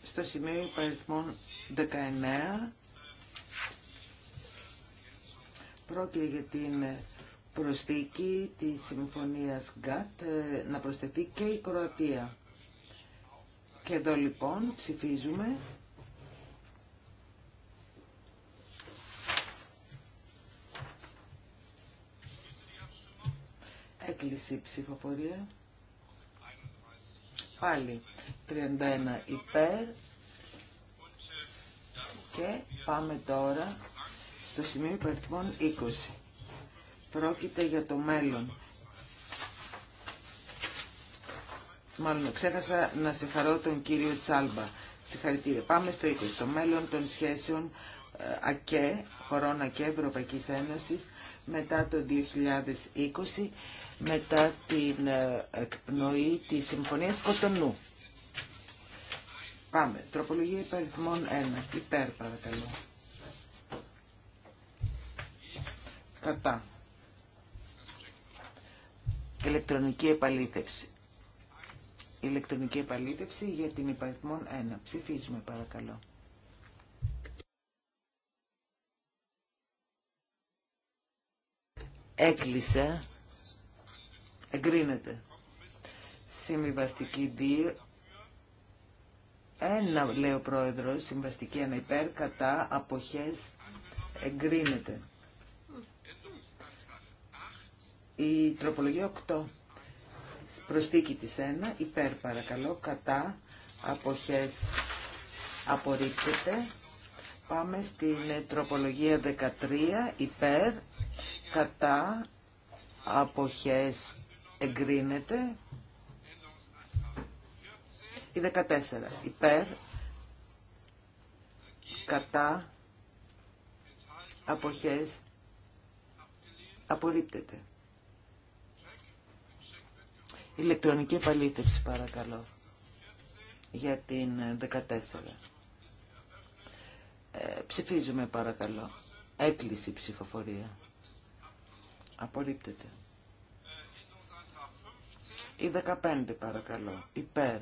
στο σημείο υπαριθμών 19 Πρόκειται για την προσθήκη της συμφωνίας ΓΚΑΤ ε, να προσθεθεί και η Κροατία. Και εδώ λοιπόν ψηφίζουμε Έκλεισε η ψηφοφορία. Πάλι 31 υπέρ. Και πάμε τώρα στο σημείο υπαριθμών 20. Πρόκειται για το μέλλον. Μάλλον ξέχασα να σε χαρώ τον κύριο Τσάλμπα. Συγχαρητήρια. Πάμε στο 20. Το μέλλον των σχέσεων ε, ΑΚΕ, χωρών ΑΚΕ, Ευρωπαϊκής Ένωσης, μετά το 2020, μετά την ε, εκπνοή της Συμφωνίας Κοτονού. Πάμε. Τροπολογία υπαριθμών 1. Υπέρ παρακαλώ. Κατά. Ηλεκτρονική επαλήθευση. Ηλεκτρονική επαλήθευση για την υπαριθμόν 1. Ψηφίζουμε παρακαλώ. Έκλεισε. Εγκρίνεται. Συμβιβαστική 2. Ένα, λέει ο πρόεδρος, συμβαστική 1 υπέρ, κατά, αποχές, εγκρίνεται. Η τροπολογία 8. Προσθήκη της 1. Υπέρ παρακαλώ. Κατά. Αποχές. Απορρίπτεται. Πάμε στην τροπολογία 13. Υπέρ. Κατά. Αποχές. Εγκρίνεται. Η 14. Υπέρ. Κατά. Αποχές. Απορρίπτεται. Ηλεκτρονική επαλήθευση παρακαλώ για την 14. Ε, ψηφίζουμε παρακαλώ. Έκλεισε ψηφοφορία. Απορρίπτεται. Η 15 παρακαλώ. Υπέρ.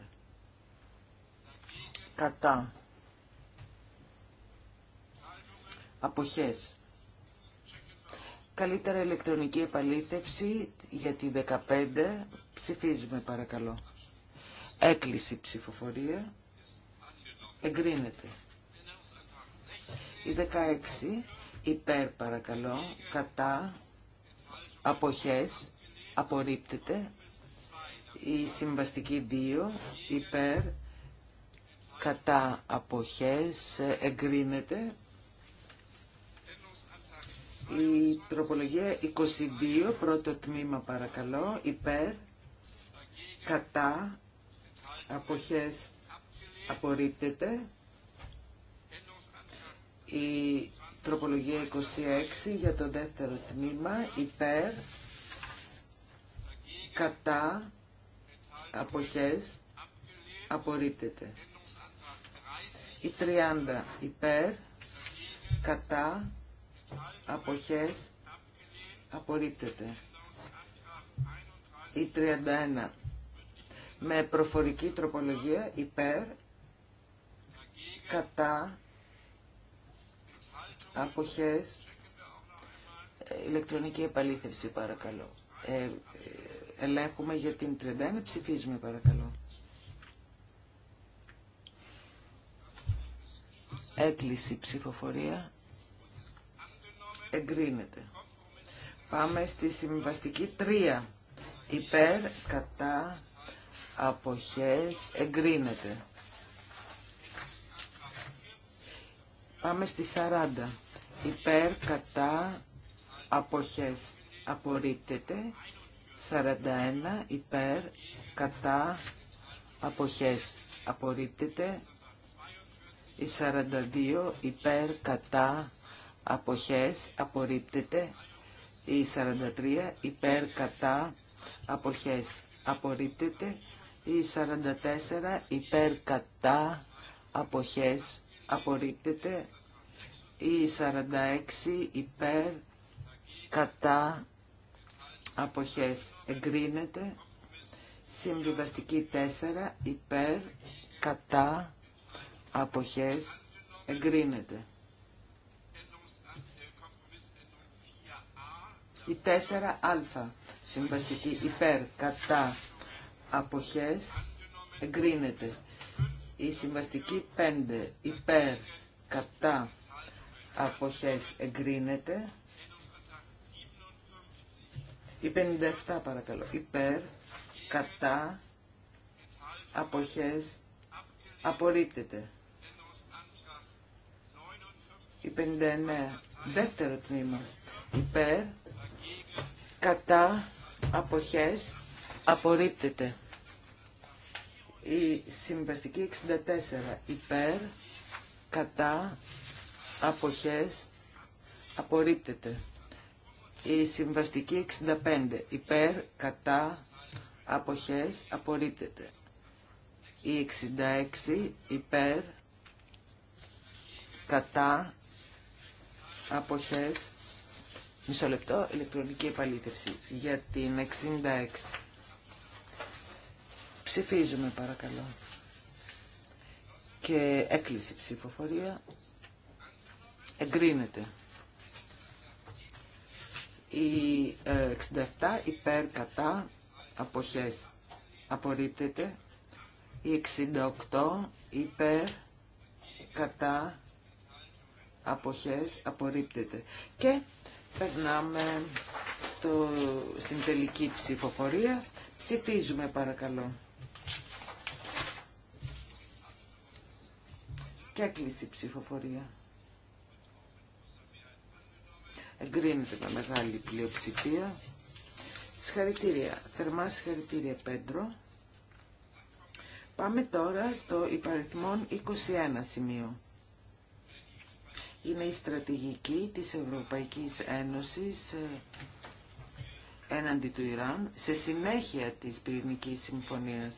Κατά. Αποχές. Καλύτερα ηλεκτρονική επαλήθευση για τη 15. Ψηφίζουμε παρακαλώ. Έκλειση ψηφοφορία. Εγκρίνεται. Η 16. Υπέρ παρακαλώ. Κατά. Αποχές. Απορρίπτεται. Η συμβαστική 2. Υπέρ. Κατά. Αποχές. Εγκρίνεται. Η τροπολογία 22, πρώτο τμήμα παρακαλώ, υπέρ, κατά, αποχές, απορρίπτεται. Η τροπολογία 26 για το δεύτερο τμήμα, υπέρ, κατά, αποχές, απορρίπτεται. Η 30 υπέρ, κατά, αποχές απορρίπτεται. Η 31 με προφορική τροπολογία υπέρ κατά αποχές ηλεκτρονική επαλήθευση παρακαλώ. Ε, ε ελέγχουμε για την 31 ψηφίζουμε παρακαλώ. Έκλειση ψηφοφορία εγκρίνεται. Πάμε στη συμβαστική 3. Υπέρ, κατά, αποχές, εγκρίνεται. Πάμε στη 40. Υπέρ, κατά, αποχές, απορρίπτεται. 41. Υπέρ, κατά, αποχές, απορρίπτεται. Η 42. Υπέρ, κατά, αποχές απορρίπτεται η 43 υπέρ κατά αποχές απορρίπτεται η 44 υπέρ κατά αποχές απορρίπτεται η 46 υπέρ κατά αποχές εγκρίνεται συμβιβαστική 4 υπέρ κατά αποχές εγκρίνεται Η 4α συμβαστική υπέρ κατά αποχές εγκρίνεται. Η συμβαστική 5 υπέρ κατά αποχές εγκρίνεται. Η 57 παρακαλώ υπέρ κατά αποχές απορρίπτεται. Η 59 δεύτερο τμήμα υπέρ κατά αποχές απορρίπτεται. Η συμβαστική 64 υπέρ κατά αποχές απορρίπτεται. Η συμβαστική 65 υπέρ κατά αποχές απορρίπτεται. Η 66 υπέρ κατά αποχές Μισό λεπτό, ηλεκτρονική επαλήθευση για την 66. Ψηφίζουμε παρακαλώ. Και έκλεισε η ψηφοφορία. Εγκρίνεται. Η 67 ε, υπέρ κατά αποχές απορρίπτεται. Η 68 υπέρ κατά αποχές απορρίπτεται. Και Περνάμε στο, στην τελική ψηφοφορία. Ψηφίζουμε παρακαλώ. Και κλείσει η ψηφοφορία. Εγκρίνεται με μεγάλη πλειοψηφία. Συγχαρητήρια. Θερμά συγχαρητήρια Πέντρο. Πάμε τώρα στο υπαριθμόν 21 σημείο είναι η στρατηγική της Ευρωπαϊκής Ένωσης ε, έναντι του Ιράν σε συνέχεια της πυρηνικής συμφωνίας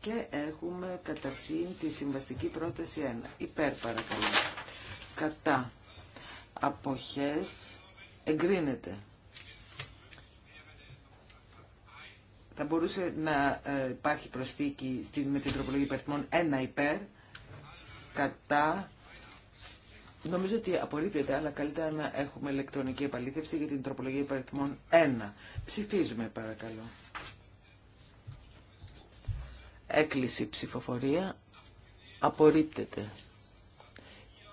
και έχουμε καταρχήν τη συμβαστική πρόταση 1 υπέρ παρακαλώ κατά αποχές εγκρίνεται θα μπορούσε να ε, υπάρχει προσθήκη στη, με την τροπολογία υπερθμών 1 υπέρ κατά Νομίζω ότι απορρίπτεται, αλλά καλύτερα να έχουμε ηλεκτρονική επαλήθευση για την τροπολογία υπαριθμών 1. Ψηφίζουμε, παρακαλώ. Έκλειση ψηφοφορία. Απορρίπτεται.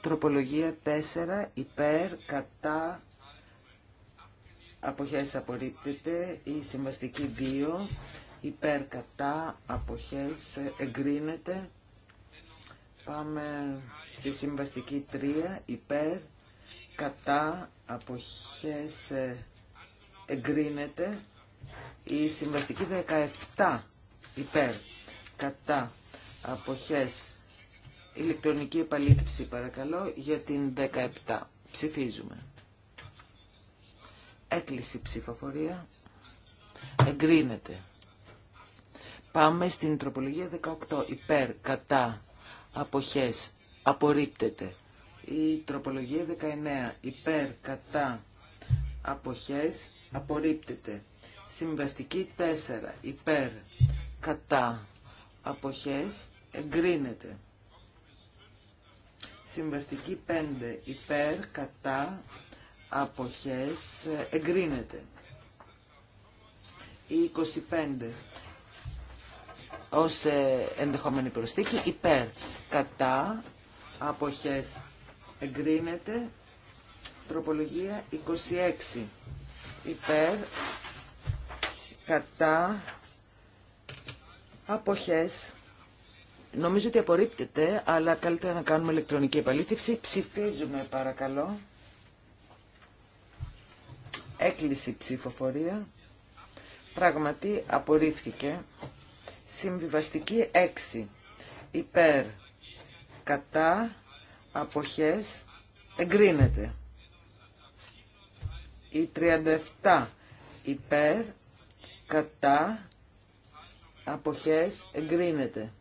Τροπολογία 4. Υπέρ, κατά, αποχές απορρίπτεται. Η συμβαστική 2. Υπέρ, κατά, αποχές εγκρίνεται. Πάμε στη συμβαστική 3, υπέρ, κατά, αποχές, ε, εγκρίνεται. Η συμβαστική 17, υπέρ, κατά, αποχές, ηλεκτρονική επαλήθευση παρακαλώ, για την 17. Ψηφίζουμε. Έκλειση ψηφοφορία. Εγκρίνεται. Πάμε στην τροπολογία 18. Υπέρ, κατά, αποχές απορρίπτεται. Η τροπολογία 19 υπέρ κατά αποχές απορρίπτεται. Συμβαστική 4 υπέρ κατά αποχές εγκρίνεται. Συμβαστική 5 υπέρ κατά αποχές εγκρίνεται. Η 25 ως ε, ενδεχόμενη προσθήκη υπέρ κατά αποχές εγκρίνεται τροπολογία 26 υπέρ κατά αποχές νομίζω ότι απορρίπτεται αλλά καλύτερα να κάνουμε ηλεκτρονική επαλήθευση ψηφίζουμε παρακαλώ έκλεισε ψηφοφορία πράγματι απορρίφθηκε Συμβιβαστική 6. Υπέρ κατά αποχές εγκρίνεται. Η 37 υπέρ κατά αποχές εγκρίνεται.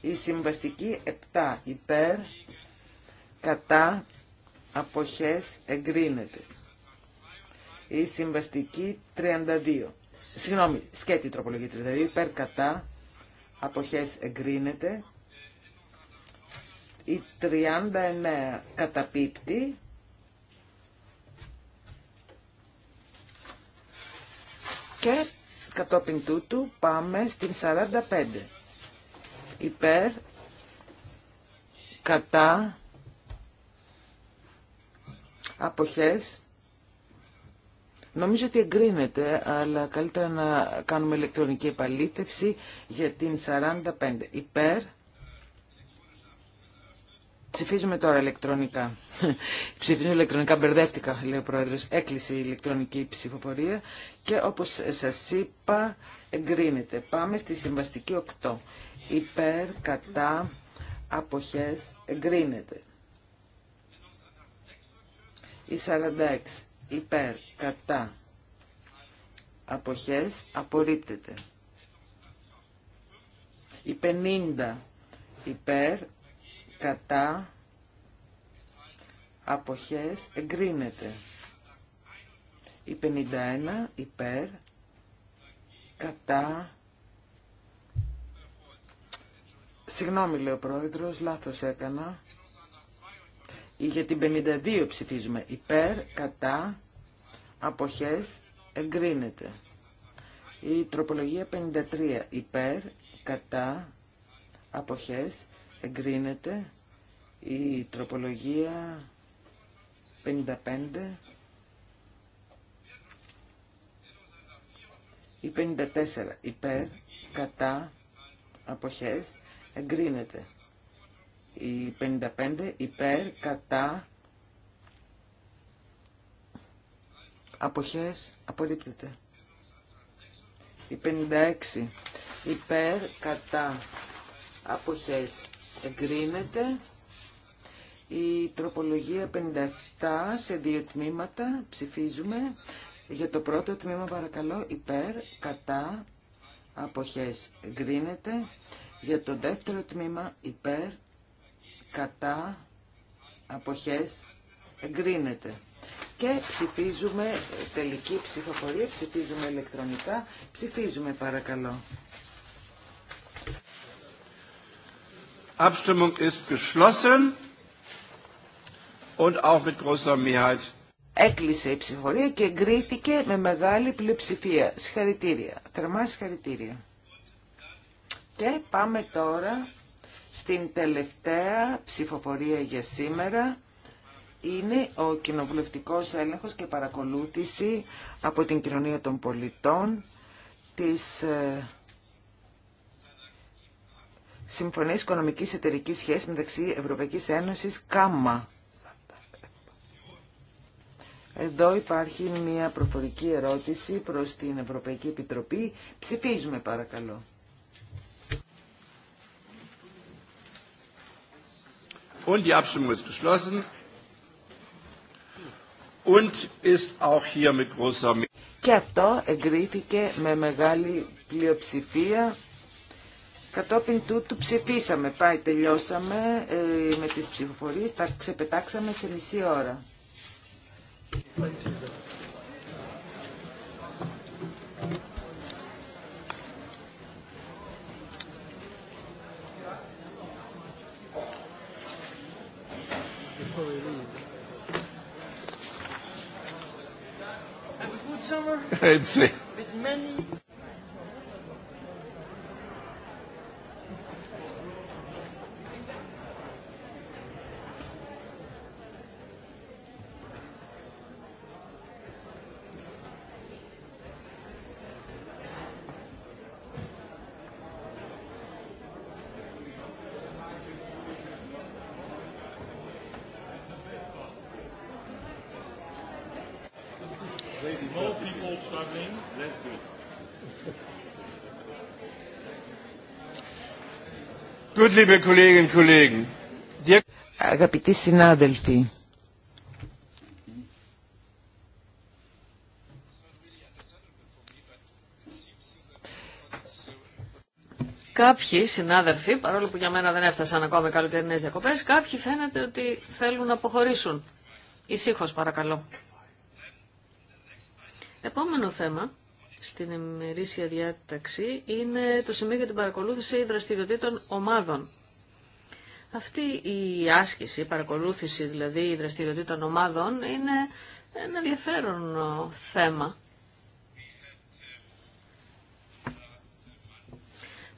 Η συμβαστική 7 υπέρ κατά αποχές εγκρίνεται. Η συμβαστική 32 Συγγνώμη, σκέτη τροπολογία δηλαδή υπέρ κατά αποχές εγκρίνεται. Η 39 καταπίπτει. Και κατόπιν τούτου πάμε στην 45. Υπέρ, κατά, αποχές, Νομίζω ότι εγκρίνεται, αλλά καλύτερα να κάνουμε ηλεκτρονική επαλήθευση για την 45 υπέρ. Ψηφίζουμε τώρα ηλεκτρονικά. Ψηφίζουμε ηλεκτρονικά, μπερδεύτηκα, λέει ο Πρόεδρος. Έκλεισε η ηλεκτρονική ψηφοφορία και όπως σας είπα εγκρίνεται. Πάμε στη συμβαστική 8. Υπέρ, κατά, αποχές, εγκρίνεται. Η 46 υπέρ, κατά, αποχές, απορρίπτεται. Η 50 υπέρ, κατά, αποχές, εγκρίνεται. Η 51 υπέρ, κατά, Συγγνώμη, λέει ο πρόεδρος, λάθος έκανα. Για την 52 ψηφίζουμε υπέρ, κατά, αποχές, εγκρίνεται. Η τροπολογία 53 υπέρ, κατά, αποχές, εγκρίνεται. Η τροπολογία 55 η 54 υπέρ, κατά, αποχές, εγκρίνεται. Η 55 υπέρ κατά αποχές απορρίπτεται. Η 56 υπέρ κατά αποχές εγκρίνεται. Η τροπολογία 57 σε δύο τμήματα ψηφίζουμε. Για το πρώτο τμήμα παρακαλώ υπέρ, κατά, αποχές εγκρίνεται. Για το δεύτερο τμήμα υπέρ, κατά, αποχές, εγκρίνεται. Και ψηφίζουμε, τελική ψηφοφορία, ψηφίζουμε ηλεκτρονικά, ψηφίζουμε παρακαλώ. Abstimmung Έκλεισε η ψηφορία και εγκρίθηκε με μεγάλη πλειοψηφία. Συγχαρητήρια. Θερμά συγχαρητήρια. Και πάμε τώρα στην τελευταία ψηφοφορία για σήμερα είναι ο κοινοβουλευτικός έλεγχος και παρακολούθηση από την κοινωνία των πολιτών της ε, Συμφωνίας Οικονομικής Εταιρικής Σχέσης μεταξύ Ευρωπαϊκής Ένωσης ΚΑΜΑ. Εδώ υπάρχει μια προφορική ερώτηση προς την Ευρωπαϊκή Επιτροπή. Ψηφίζουμε παρακαλώ. Und die Abstimmung ist geschlossen und ist auch hier mit großer Και αυτό εγκρίθηκε με μεγάλη πλειοψηφία. Κατόπιν τούτου ψηφίσαμε, πάει, τελειώσαμε ε, με τις ψηφοφορίες, τα ξεπετάξαμε σε μισή ώρα. έτσι. Αγαπητοί συνάδελφοι, Κάποιοι συνάδελφοι, παρόλο που για μένα δεν έφτασαν ακόμα καλοκαιρινέ καλοκαιρινές διακοπές, κάποιοι φαίνεται ότι θέλουν να αποχωρήσουν. Ισύχω, παρακαλώ. Επόμενο θέμα στην ημερήσια διάταξη είναι το σημείο για την παρακολούθηση δραστηριοτήτων ομάδων. Αυτή η άσκηση, η παρακολούθηση δηλαδή δραστηριοτήτων ομάδων είναι ένα ενδιαφέρον θέμα.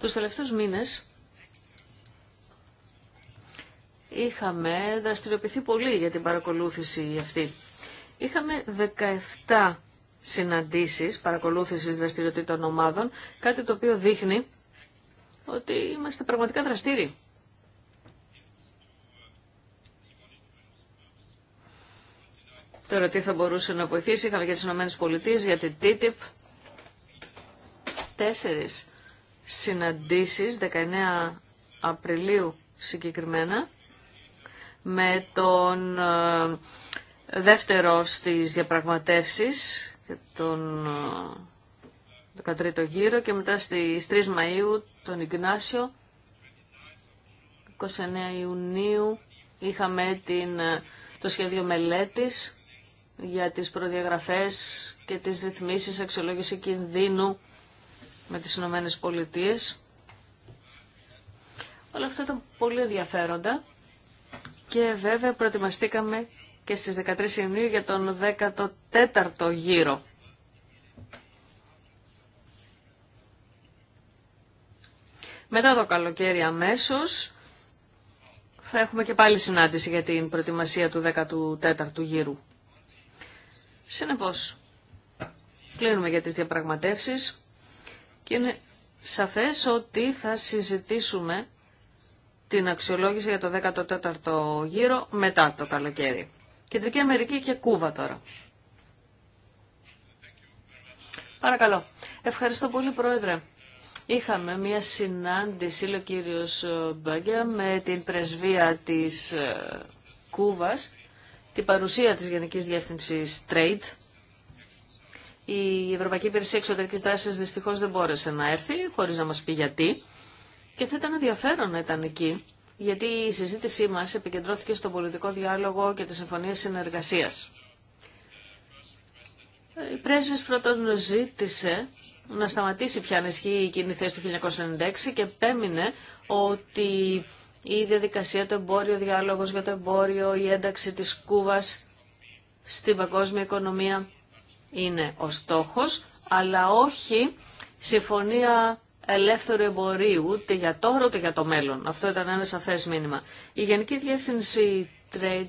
Τους τελευταίους μήνες είχαμε δραστηριοποιηθεί πολύ για την παρακολούθηση αυτή. Είχαμε 17 συναντήσεις παρακολούθησης δραστηριοτήτων ομάδων, κάτι το οποίο δείχνει ότι είμαστε πραγματικά δραστήριοι. Τώρα τι θα μπορούσε να βοηθήσει, είχαμε για τις ΗΠΑ, για την TTIP, τέσσερις συναντήσεις, 19 Απριλίου συγκεκριμένα, με τον ε, δεύτερο στις διαπραγματεύσεις και τον 13ο ε, γύρο και μετά στις 3 Μαΐου τον Ιγνάσιο 29 Ιουνίου είχαμε την, ε, το σχέδιο μελέτης για τις προδιαγραφές και τις ρυθμίσεις αξιολόγηση κινδύνου με τις Ηνωμένες Πολιτείες. Όλα αυτά ήταν πολύ ενδιαφέροντα και βέβαια προετοιμαστήκαμε και στις 13 Ιουνίου για τον 14ο γύρο. Μετά το καλοκαίρι αμέσως θα έχουμε και πάλι συνάντηση για την προετοιμασία του 14ου γύρου. Συνεπώς, κλείνουμε για τις διαπραγματεύσεις και είναι σαφές ότι θα συζητήσουμε την αξιολόγηση για το 14ο γύρο μετά το καλοκαίρι. Κεντρική Αμερική και Κούβα τώρα. Παρακαλώ. Ευχαριστώ πολύ, Πρόεδρε. Είχαμε μία συνάντηση, λέει ο κύριος Μπάγκια, με την πρεσβεία της ε, Κούβας, την παρουσία της Γενικής Διεύθυνσης Trade. Η Ευρωπαϊκή Υπηρεσία Εξωτερικής Δράσης δυστυχώς δεν μπόρεσε να έρθει, χωρίς να μας πει γιατί. Και θα ήταν ενδιαφέρον να ήταν εκεί, γιατί η συζήτησή μας επικεντρώθηκε στον πολιτικό διάλογο και τη συμφωνία συνεργασίας. Η πρέσβης πρώτον ζήτησε να σταματήσει πια ισχύει η κοινή θέση του 1996 και επέμεινε ότι η διαδικασία του εμπόριου, ο διάλογος για το εμπόριο, η ένταξη της Κούβας στην παγκόσμια οικονομία είναι ο στόχος, αλλά όχι συμφωνία ελεύθερου εμπορίου, ούτε για τώρα ούτε για το μέλλον. Αυτό ήταν ένα σαφές μήνυμα. Η Γενική Διεύθυνση Trade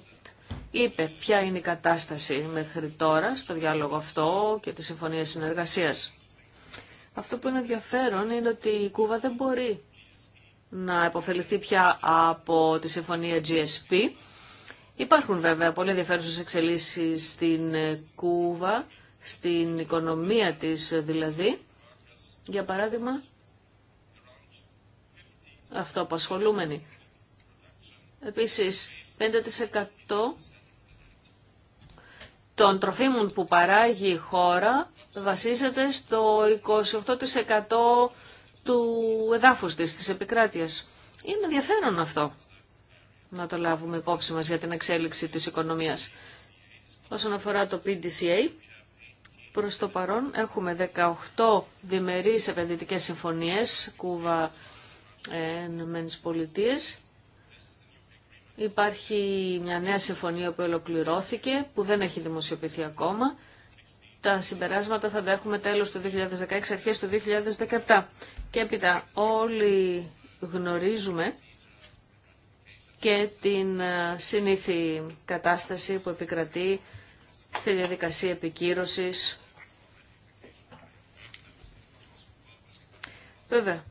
είπε ποια είναι η κατάσταση μέχρι τώρα στο διάλογο αυτό και τη Συμφωνία Συνεργασίας. Αυτό που είναι ενδιαφέρον είναι ότι η Κούβα δεν μπορεί να επωφεληθεί πια από τη Συμφωνία GSP. Υπάρχουν βέβαια πολύ ενδιαφέρουσε εξελίσει στην Κούβα, στην οικονομία της δηλαδή. Για παράδειγμα, αυτοαπασχολούμενοι. Επίσης, 5% των τροφίμων που παράγει η χώρα βασίζεται στο 28% του εδάφους της, της επικράτειας. Είναι ενδιαφέρον αυτό να το λάβουμε υπόψη μας για την εξέλιξη της οικονομίας. Όσον αφορά το PDCA, προς το παρόν έχουμε 18 διμερείς επενδυτικές συμφωνίες, Κούβα, Ενωμένες Πολιτείε. Υπάρχει μια νέα συμφωνία που ολοκληρώθηκε, που δεν έχει δημοσιοποιηθεί ακόμα. Τα συμπεράσματα θα τα έχουμε τέλος του 2016, αρχές του 2017. Και έπειτα όλοι γνωρίζουμε και την ε, συνήθη κατάσταση που επικρατεί στη διαδικασία επικύρωσης. Βέβαια,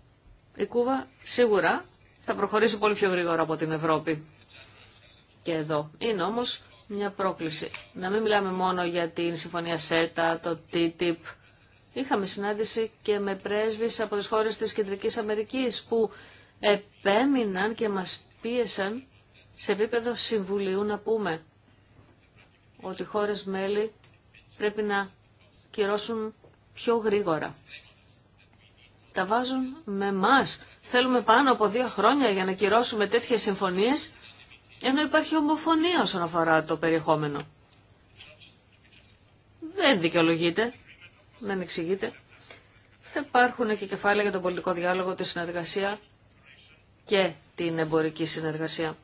η Κούβα σίγουρα θα προχωρήσει πολύ πιο γρήγορα από την Ευρώπη και εδώ. Είναι όμως μια πρόκληση. Να μην μιλάμε μόνο για την Συμφωνία ΣΕΤΑ, το TTIP. Είχαμε συνάντηση και με πρέσβεις από τις χώρες της Κεντρικής Αμερικής που επέμειναν και μας πίεσαν σε επίπεδο συμβουλίου να πούμε ότι οι χώρες μέλη πρέπει να κυρώσουν πιο γρήγορα τα βάζουν με εμά. Θέλουμε πάνω από δύο χρόνια για να κυρώσουμε τέτοιε συμφωνίε ενώ υπάρχει ομοφωνία όσον αφορά το περιεχόμενο. Δεν δικαιολογείται, δεν εξηγείται. Θα υπάρχουν και κεφάλαια για τον πολιτικό διάλογο, τη συνεργασία και την εμπορική συνεργασία.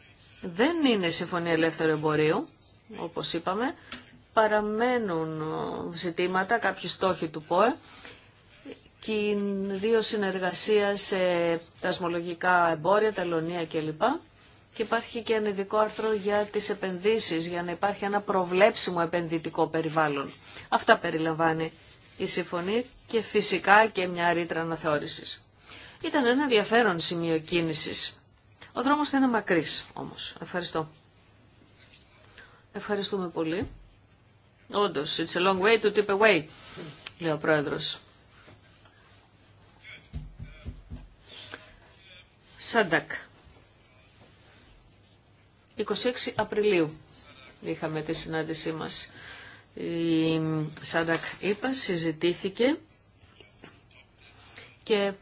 Δεν είναι συμφωνία ελεύθερου εμπορίου, όπως είπαμε. Παραμένουν ζητήματα, κάποιοι στόχοι του ΠΟΕ δύο συνεργασία σε τασμολογικά εμπόρια, τελωνία κλπ. Και υπάρχει και ένα ειδικό άρθρο για τις επενδύσεις, για να υπάρχει ένα προβλέψιμο επενδυτικό περιβάλλον. Αυτά περιλαμβάνει η συμφωνή και φυσικά και μια ρήτρα αναθεώρησης. Ήταν ένα ενδιαφέρον σημείο κίνησης. Ο δρόμος θα είναι μακρύς όμως. Ευχαριστώ. Ευχαριστούμε πολύ. Όντως, it's a long way to tip away, λέει ο πρόεδρος. Σαντακ. 26 Απριλίου είχαμε τη συνάντησή μας. Η Σαντακ είπα, συζητήθηκε και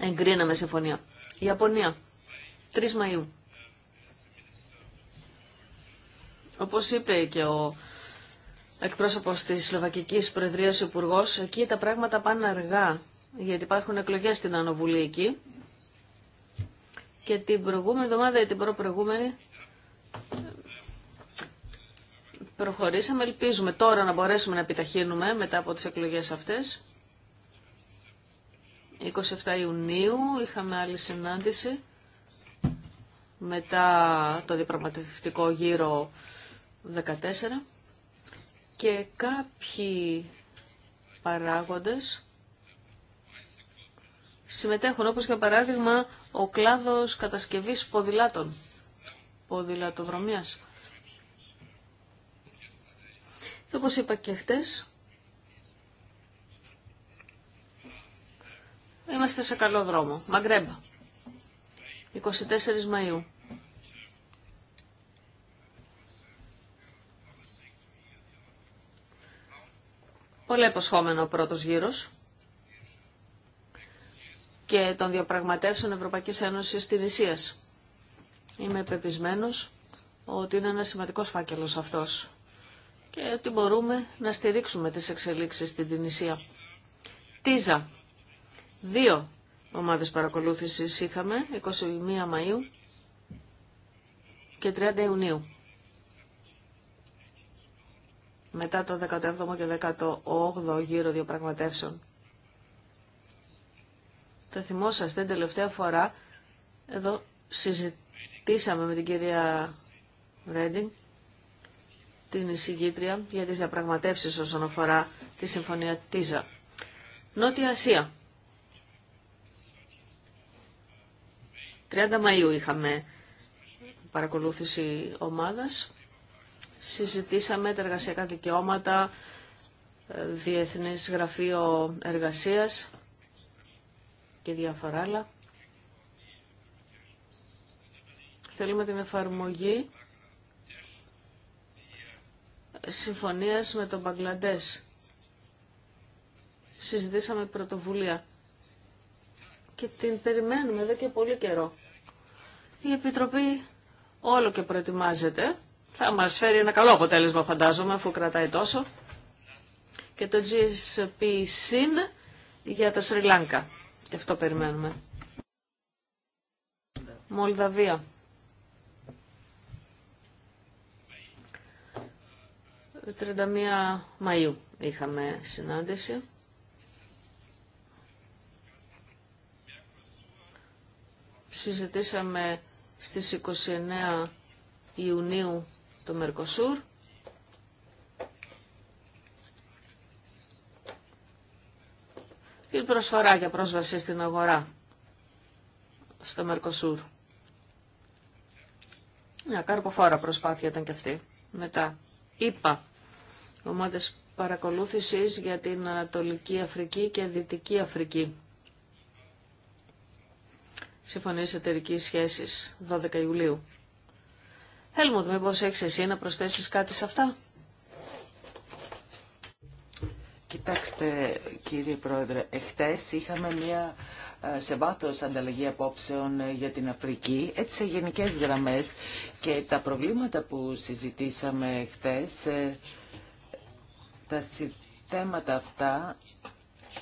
εγκρίναμε συμφωνία. Η Ιαπωνία, 3 Μαΐου. Όπως είπε και ο εκπρόσωπος της Σλοβακικής Προεδρίας Υπουργός, εκεί τα πράγματα πάνε αργά γιατί υπάρχουν εκλογές στην Ανοβουλή εκεί. Και την προηγούμενη εβδομάδα ή την προπροηγούμενη προχωρήσαμε. Ελπίζουμε τώρα να μπορέσουμε να επιταχύνουμε μετά από τις εκλογές αυτές. 27 Ιουνίου είχαμε άλλη συνάντηση μετά το διαπραγματευτικό γύρο 14 και κάποιοι παράγοντες συμμετέχουν, όπως για παράδειγμα ο κλάδος κατασκευής ποδηλάτων, ποδηλατοδρομίας. Και όπως είπα και χτες, είμαστε σε καλό δρόμο. Μαγκρέμπα, 24 Μαΐου. Πολύ υποσχόμενο ο πρώτος γύρος και των διαπραγματεύσεων Ευρωπαϊκής Ένωσης στην Ισίας. Είμαι πεπισμένο ότι είναι ένα σημαντικός φάκελος αυτός και ότι μπορούμε να στηρίξουμε τις εξελίξεις στην Τινησία. Τίζα. Δύο ομάδες παρακολούθησης είχαμε, 21 Μαΐου και 30 Ιουνίου. Μετά το 17ο και 18ο γύρο διαπραγματεύσεων. Θα θυμόσαστε την τελευταία φορά, εδώ συζητήσαμε με την κυρία Ρέντινγκ, την εισηγήτρια για τις διαπραγματεύσεις όσον αφορά τη Συμφωνία Τίζα. Νότια Ασία. 30 Μαΐου είχαμε παρακολούθηση ομάδας. Συζητήσαμε τα εργασιακά δικαιώματα, ε, Διεθνής Γραφείο Εργασίας και διάφορα άλλα. Θέλουμε την εφαρμογή συμφωνίας με τον Μπαγκλαντές. Συζητήσαμε πρωτοβουλία και την περιμένουμε εδώ και πολύ καιρό. Η Επιτροπή όλο και προετοιμάζεται. Θα μας φέρει ένα καλό αποτέλεσμα φαντάζομαι αφού κρατάει τόσο. Και το GSP-SYN για το Σρι Λάνκα. Και αυτό περιμένουμε. Μολδαβία. 31 Μαΐου είχαμε συνάντηση. Συζητήσαμε στις 29 Ιουνίου το Μερκοσούρ Ή προσφορά για πρόσβαση στην αγορά στο Μερκοσούρ. Μια καρποφόρα προσπάθεια ήταν και αυτή. Μετά, είπα, ομάδες παρακολούθησης για την Ανατολική Αφρική και Δυτική Αφρική. Συμφωνίε εταιρική σχέσης, 12 Ιουλίου. Έλμοντ, μήπως έχεις εσύ να προσθέσεις κάτι σε αυτά. Κοιτάξτε κύριε Πρόεδρε, εχθές είχαμε μία ε, σε βάθος ανταλλαγή απόψεων ε, για την Αφρική, έτσι σε γενικές γραμμές και τα προβλήματα που συζητήσαμε χθες, ε, τα θέματα αυτά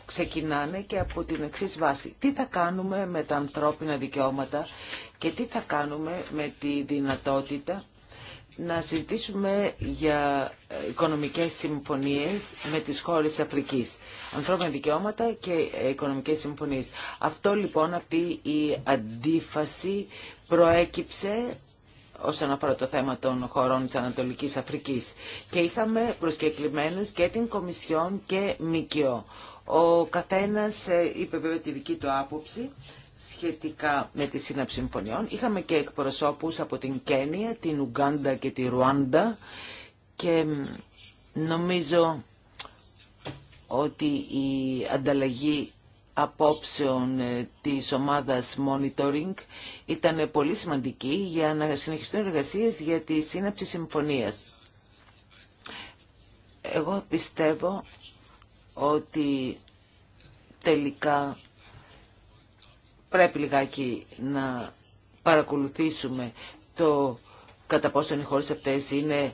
ξεκινάνε και από την εξή βάση. Τι θα κάνουμε με τα ανθρώπινα δικαιώματα και τι θα κάνουμε με τη δυνατότητα να συζητήσουμε για οικονομικές συμφωνίες με τις χώρες της Αφρικής. Ανθρώπινα δικαιώματα και οικονομικές συμφωνίες. Αυτό λοιπόν αυτή η αντίφαση προέκυψε όσον αφορά το θέμα των χωρών της Ανατολικής Αφρικής. Και είχαμε προσκεκλημένους και την Κομισιόν και ΜΚΟ. Ο καθένας ε, είπε βέβαια τη δική του άποψη σχετικά με τη σύναψη συμφωνιών. Είχαμε και εκπροσώπους από την Κένια, την Ουγκάντα και τη Ρουάντα και νομίζω ότι η ανταλλαγή απόψεων ε, της ομάδας monitoring ήταν πολύ σημαντική για να συνεχιστούν εργασίες για τη σύναψη συμφωνίας. Εγώ πιστεύω ότι τελικά πρέπει λιγάκι να παρακολουθήσουμε το κατά πόσο οι χώρες αυτές είναι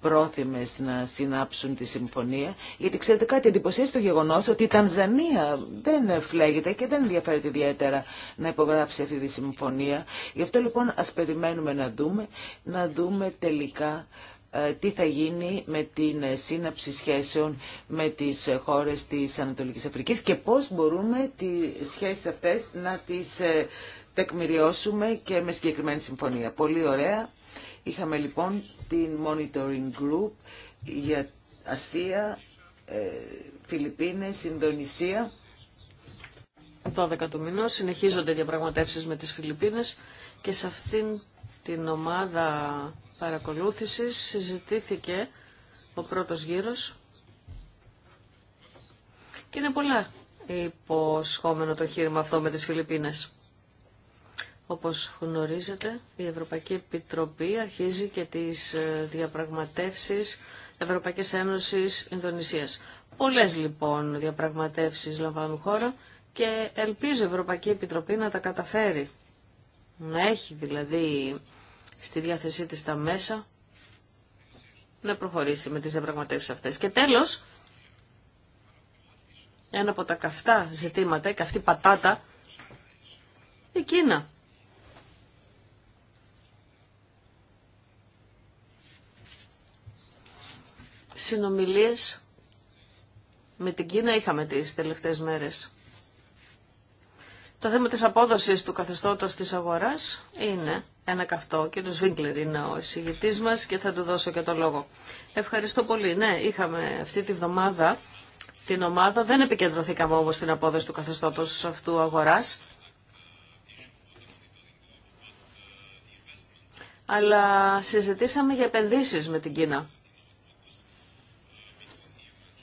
πρόθυμες να συνάψουν τη συμφωνία. Γιατί ξέρετε κάτι εντυπωσια το γεγονός ότι η Τανζανία δεν φλέγεται και δεν ενδιαφέρεται ιδιαίτερα να υπογράψει αυτή τη συμφωνία. Γι' αυτό λοιπόν ας περιμένουμε να δούμε, να δούμε τελικά ε, τι θα γίνει με την ε, σύναψη σχέσεων με τις ε, χώρες της Ανατολικής Αφρικής και πώς μπορούμε τις σχέσεις αυτές να τις τεκμηριώσουμε και με συγκεκριμένη συμφωνία. Πολύ ωραία. Είχαμε λοιπόν την Monitoring Group για Ασία, Φιλιππίνες, Ινδονησία. 12 του μηνός συνεχίζονται διαπραγματεύσεις με τις Φιλιππίνες και σε αυτήν την ομάδα παρακολούθησης συζητήθηκε ο πρώτος γύρος και είναι πολλά υποσχόμενο το χείρημα αυτό με τις Φιλιππίνες. Όπως γνωρίζετε, η Ευρωπαϊκή Επιτροπή αρχίζει και τις ε, διαπραγματεύσεις Ευρωπαϊκής Ένωσης Ινδονησίας. Πολλές λοιπόν διαπραγματεύσεις λαμβάνουν χώρα και ελπίζω η Ευρωπαϊκή Επιτροπή να τα καταφέρει να έχει δηλαδή στη διάθεσή της τα μέσα να προχωρήσει με τις διαπραγματεύσει αυτές. Και τέλος, ένα από τα καυτά ζητήματα, η καυτή πατάτα, η Κίνα. Συνομιλίες με την Κίνα είχαμε τις τελευταίες μέρες. Το θέμα της απόδοσης του καθεστώτος της αγοράς είναι ένα καυτό και ο Σβίγκλερ είναι ο εισηγητής μας και θα του δώσω και το λόγο. Ευχαριστώ πολύ. Ναι, είχαμε αυτή τη βδομάδα την ομάδα. Δεν επικεντρωθήκαμε όμως στην απόδοση του καθεστώτος αυτού αγοράς. Αλλά συζητήσαμε για επενδύσεις με την Κίνα.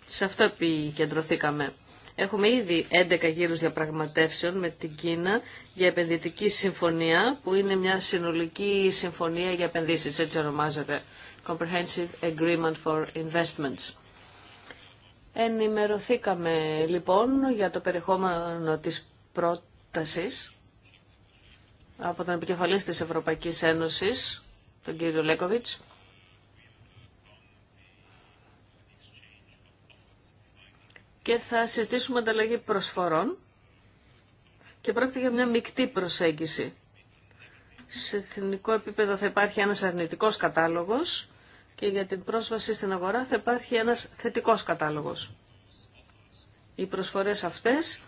Σε αυτό επικεντρωθήκαμε. Έχουμε ήδη 11 γύρους διαπραγματεύσεων με την Κίνα για επενδυτική συμφωνία, που είναι μια συνολική συμφωνία για επενδύσεις, έτσι ονομάζεται. Comprehensive Agreement for Investments. Ενημερωθήκαμε λοιπόν για το περιεχόμενο της πρότασης από τον επικεφαλής της Ευρωπαϊκής Ένωσης, τον κύριο Λέκοβιτς, και θα συζητήσουμε ανταλλαγή προσφορών και πρόκειται για μια μεικτή προσέγγιση. Σε εθνικό επίπεδο θα υπάρχει ένας αρνητικός κατάλογος και για την πρόσβαση στην αγορά θα υπάρχει ένας θετικός κατάλογος. Οι προσφορές αυτές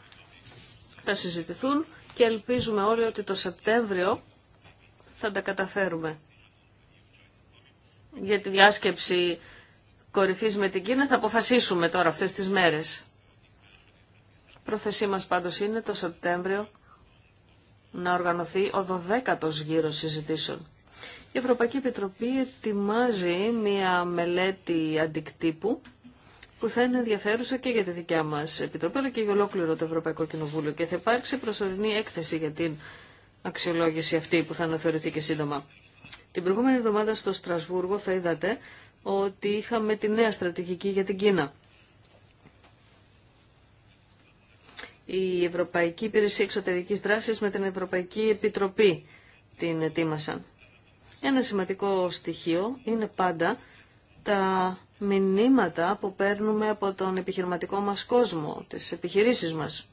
θα συζητηθούν και ελπίζουμε όλοι ότι το Σεπτέμβριο θα τα καταφέρουμε. Για τη διάσκεψη κορυφής με την Κίνα θα αποφασίσουμε τώρα αυτές τις μέρες. Πρόθεσή μας πάντως είναι το Σεπτέμβριο να οργανωθεί ο 12ος γύρος συζητήσεων. Η Ευρωπαϊκή Επιτροπή ετοιμάζει μια μελέτη αντικτύπου που θα είναι ενδιαφέρουσα και για τη δικιά μας Επιτροπή αλλά και για ολόκληρο το Ευρωπαϊκό Κοινοβούλιο και θα υπάρξει προσωρινή έκθεση για την αξιολόγηση αυτή που θα αναθεωρηθεί και σύντομα. Την προηγούμενη εβδομάδα στο Στρασβούργο θα είδατε ότι είχαμε τη νέα στρατηγική για την Κίνα. Η Ευρωπαϊκή Υπηρεσία Εξωτερικής Δράσης με την Ευρωπαϊκή Επιτροπή την ετοίμασαν. Ένα σημαντικό στοιχείο είναι πάντα τα μηνύματα που παίρνουμε από τον επιχειρηματικό μας κόσμο, τις επιχειρήσεις μας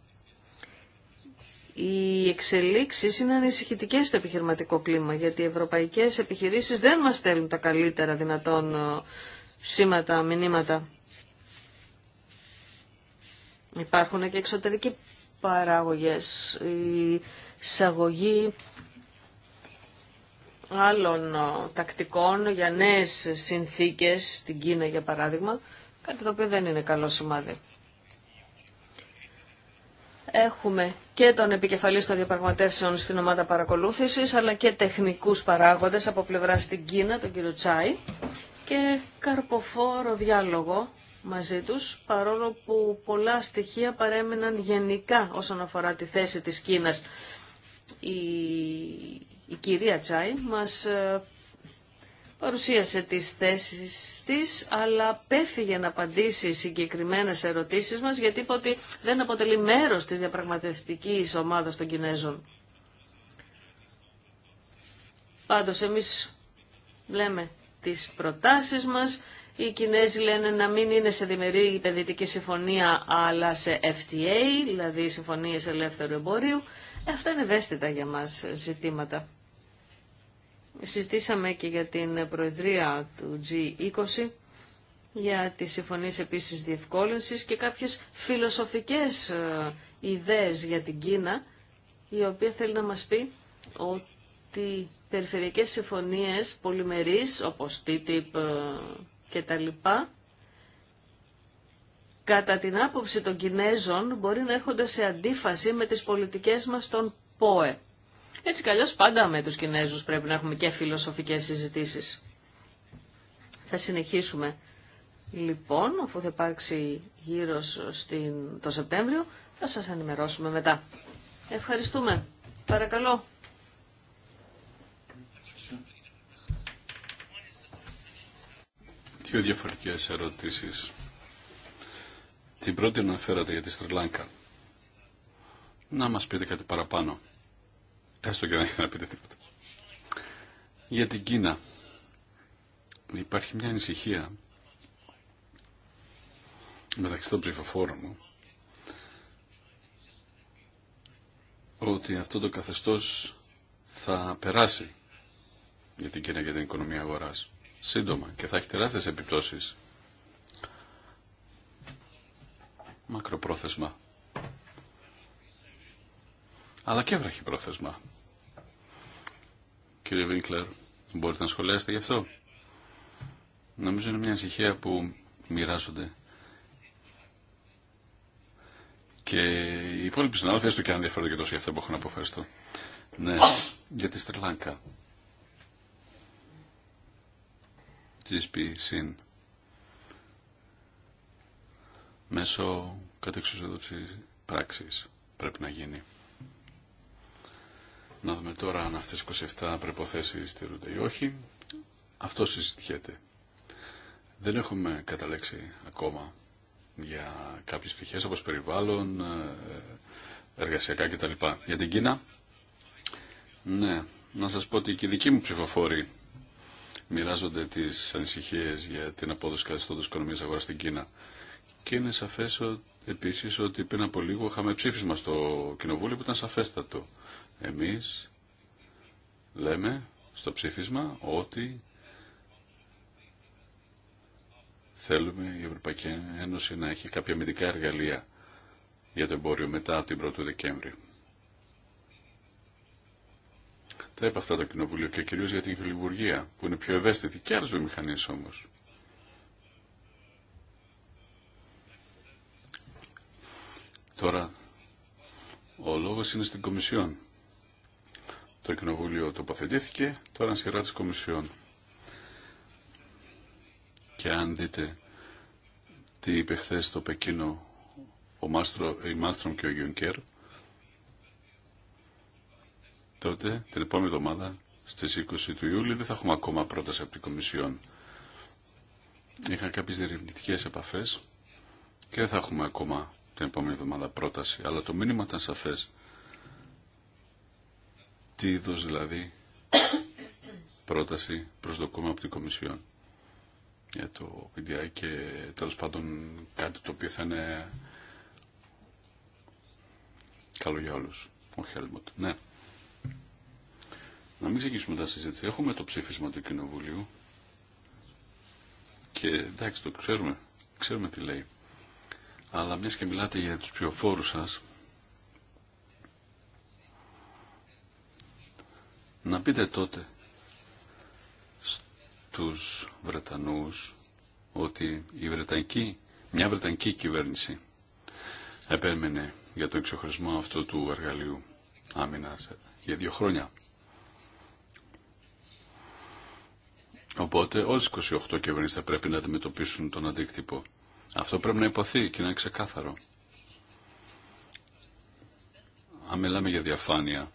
οι εξελίξεις είναι ανησυχητικές στο επιχειρηματικό κλίμα, γιατί οι ευρωπαϊκές επιχειρήσεις δεν μας στέλνουν τα καλύτερα δυνατόν ε, σήματα, μηνύματα. Υπάρχουν και εξωτερικοί παράγωγες, η εισαγωγή άλλων ε, τακτικών για νέες συνθήκες, στην Κίνα για παράδειγμα, κάτι το οποίο δεν είναι καλό σημάδι. Έχουμε και τον επικεφαλής των διαπραγματεύσεων στην ομάδα παρακολούθησης, αλλά και τεχνικούς παράγοντες από πλευρά στην Κίνα, τον κύριο Τσάι, και καρποφόρο διάλογο μαζί τους, παρόλο που πολλά στοιχεία παρέμειναν γενικά όσον αφορά τη θέση της Κίνας. Η, η κυρία Τσάι μας ε, παρουσίασε τις θέσεις της, αλλά πέφυγε να απαντήσει συγκεκριμένες ερωτήσεις μας, γιατί είπε ότι δεν αποτελεί μέρος της διαπραγματευτικής ομάδας των Κινέζων. Πάντως εμείς λέμε τις προτάσεις μας, οι Κινέζοι λένε να μην είναι σε διμερή επενδυτική συμφωνία, αλλά σε FTA, δηλαδή συμφωνίες ελεύθερου εμπορίου. Ε, αυτά είναι ευαίσθητα για μας ζητήματα συζητήσαμε και για την Προεδρία του G20 για τις συμφωνίες επίσης διευκόλυνσης και κάποιες φιλοσοφικές ε, ιδέες για την Κίνα, η οποία θέλει να μας πει ότι περιφερειακές συμφωνίες πολυμερείς, όπως TTIP ε, και τα λοιπά, κατά την άποψη των Κινέζων μπορεί να έρχονται σε αντίφαση με τις πολιτικές μας των ΠΟΕ. Έτσι κι πάντα με τους Κινέζους πρέπει να έχουμε και φιλοσοφικές συζητήσεις. Θα συνεχίσουμε λοιπόν, αφού θα υπάρξει γύρω στην... το Σεπτέμβριο, θα σας ενημερώσουμε μετά. Ευχαριστούμε. Παρακαλώ. Δύο διαφορετικές ερωτήσεις. Την πρώτη αναφέρατε για τη Στριλάνκα. Να μας πείτε κάτι παραπάνω. Έστω και δεν έχετε να πείτε τίποτα. Για την Κίνα. Υπάρχει μια ανησυχία μεταξύ των ψηφοφόρων μου ότι αυτό το καθεστώς θα περάσει για την Κίνα και την οικονομία αγοράς σύντομα και θα έχει τεράστιες επιπτώσεις μακροπρόθεσμα αλλά και βραχυπρόθεσμα. Κύριε Βίνκλερ, μπορείτε να σχολιάσετε γι' αυτό. Νομίζω είναι μια ησυχία που μοιράζονται και οι υπόλοιποι συνάδελφοι, έστω και αν ενδιαφέρονται και τόσο για αυτά που να αποφασιστώ. Ναι, για τη Στριλάνκα. GSP συν. Μέσω κατεξουσιοδότηση πράξης πρέπει να γίνει. Να δούμε τώρα αν αυτές 27 προϋποθέσεις στηρούνται ή όχι. Αυτό συζητιέται. Δεν έχουμε καταλέξει ακόμα για κάποιες πτυχές όπως περιβάλλον, ε, εργασιακά κτλ. Για την Κίνα, ναι, να σας πω ότι και οι δικοί μου ψηφοφόροι μοιράζονται τις ανησυχίες για την απόδοση καθεστώτος οικονομίας αγοράς στην Κίνα. Και είναι σαφές επίσης ότι πριν από λίγο είχαμε ψήφισμα στο Κοινοβούλιο που ήταν σαφέστατο εμείς λέμε στο ψήφισμα ότι θέλουμε η Ευρωπαϊκή Ένωση να έχει κάποια μυντικά εργαλεία για το εμπόριο μετά την 1η Δεκέμβρη. Τα είπα αυτά το Κοινοβούλιο και κυρίως για την χιλιβουργία που είναι πιο ευαίσθητη και άλλες βιομηχανίες όμως. Τώρα, ο λόγος είναι στην Κομισιόν. Το Κοινοβούλιο τοποθετήθηκε, τώρα είναι σειρά της Κομισιόν. Και αν δείτε τι είπε χθε στο Πεκίνο ο Μάστρο, η Μάστρομ και ο Γιουνκέρ, τότε την επόμενη εβδομάδα στις 20 του Ιούλη δεν θα έχουμε ακόμα πρόταση από την Κομισιόν. Είχαν κάποιες διερευνητικές επαφές και δεν θα έχουμε ακόμα την επόμενη εβδομάδα πρόταση. Αλλά το μήνυμα ήταν σαφές τι είδο δηλαδή πρόταση προσδοκούμε από την Κομισιόν για το PDI και τέλος πάντων κάτι το οποίο θα είναι καλό για όλους. Ο Χέλμοντ. Ναι. Να μην ξεκινήσουμε τα συζήτηση. Έχουμε το ψήφισμα του Κοινοβουλίου και εντάξει το ξέρουμε. Ξέρουμε τι λέει. Αλλά μια και μιλάτε για τους φόρους σας να πείτε τότε στους Βρετανούς ότι η Βρετανική, μια Βρετανική κυβέρνηση επέμενε για τον εξοχρησμό αυτού του εργαλείου άμυνας για δύο χρόνια. Οπότε όλε οι 28 κυβερνήσει θα πρέπει να αντιμετωπίσουν τον αντίκτυπο. Αυτό πρέπει να υποθεί και να είναι ξεκάθαρο. Αν μιλάμε για διαφάνεια,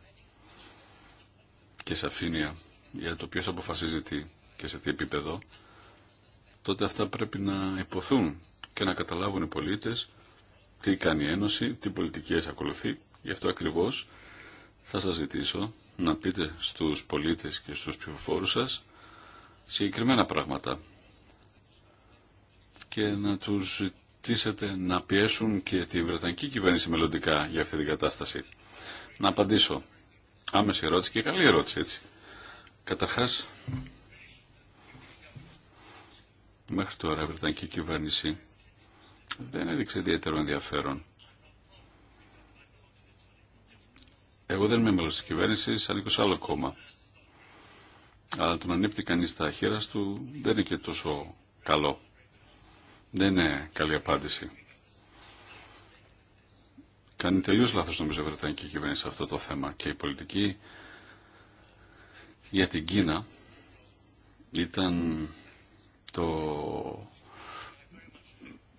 και σαφήνεια για το ποιος αποφασίζει τι και σε τι επίπεδο, τότε αυτά πρέπει να υποθούν και να καταλάβουν οι πολίτες τι κάνει η Ένωση, τι πολιτικές ακολουθεί. Γι' αυτό ακριβώς θα σας ζητήσω να πείτε στους πολίτες και στους ψηφοφόρους σας συγκεκριμένα πράγματα και να τους ζητήσετε να πιέσουν και τη Βρετανική κυβέρνηση μελλοντικά για αυτή την κατάσταση. Να απαντήσω Άμεση ερώτηση και καλή ερώτηση έτσι. Καταρχάς, μέχρι τώρα η Βρετανική κυβέρνηση δεν έδειξε ιδιαίτερο ενδιαφέρον. Εγώ δεν είμαι μέλος της κυβέρνησης, ανήκω σε άλλο κόμμα. Αλλά το να κανεί κανείς τα χέρας του δεν είναι και τόσο καλό. Δεν είναι καλή απάντηση. Κάνει τελείως λάθος νομίζω η Βρετανική κυβέρνηση σε αυτό το θέμα και η πολιτική για την Κίνα ήταν το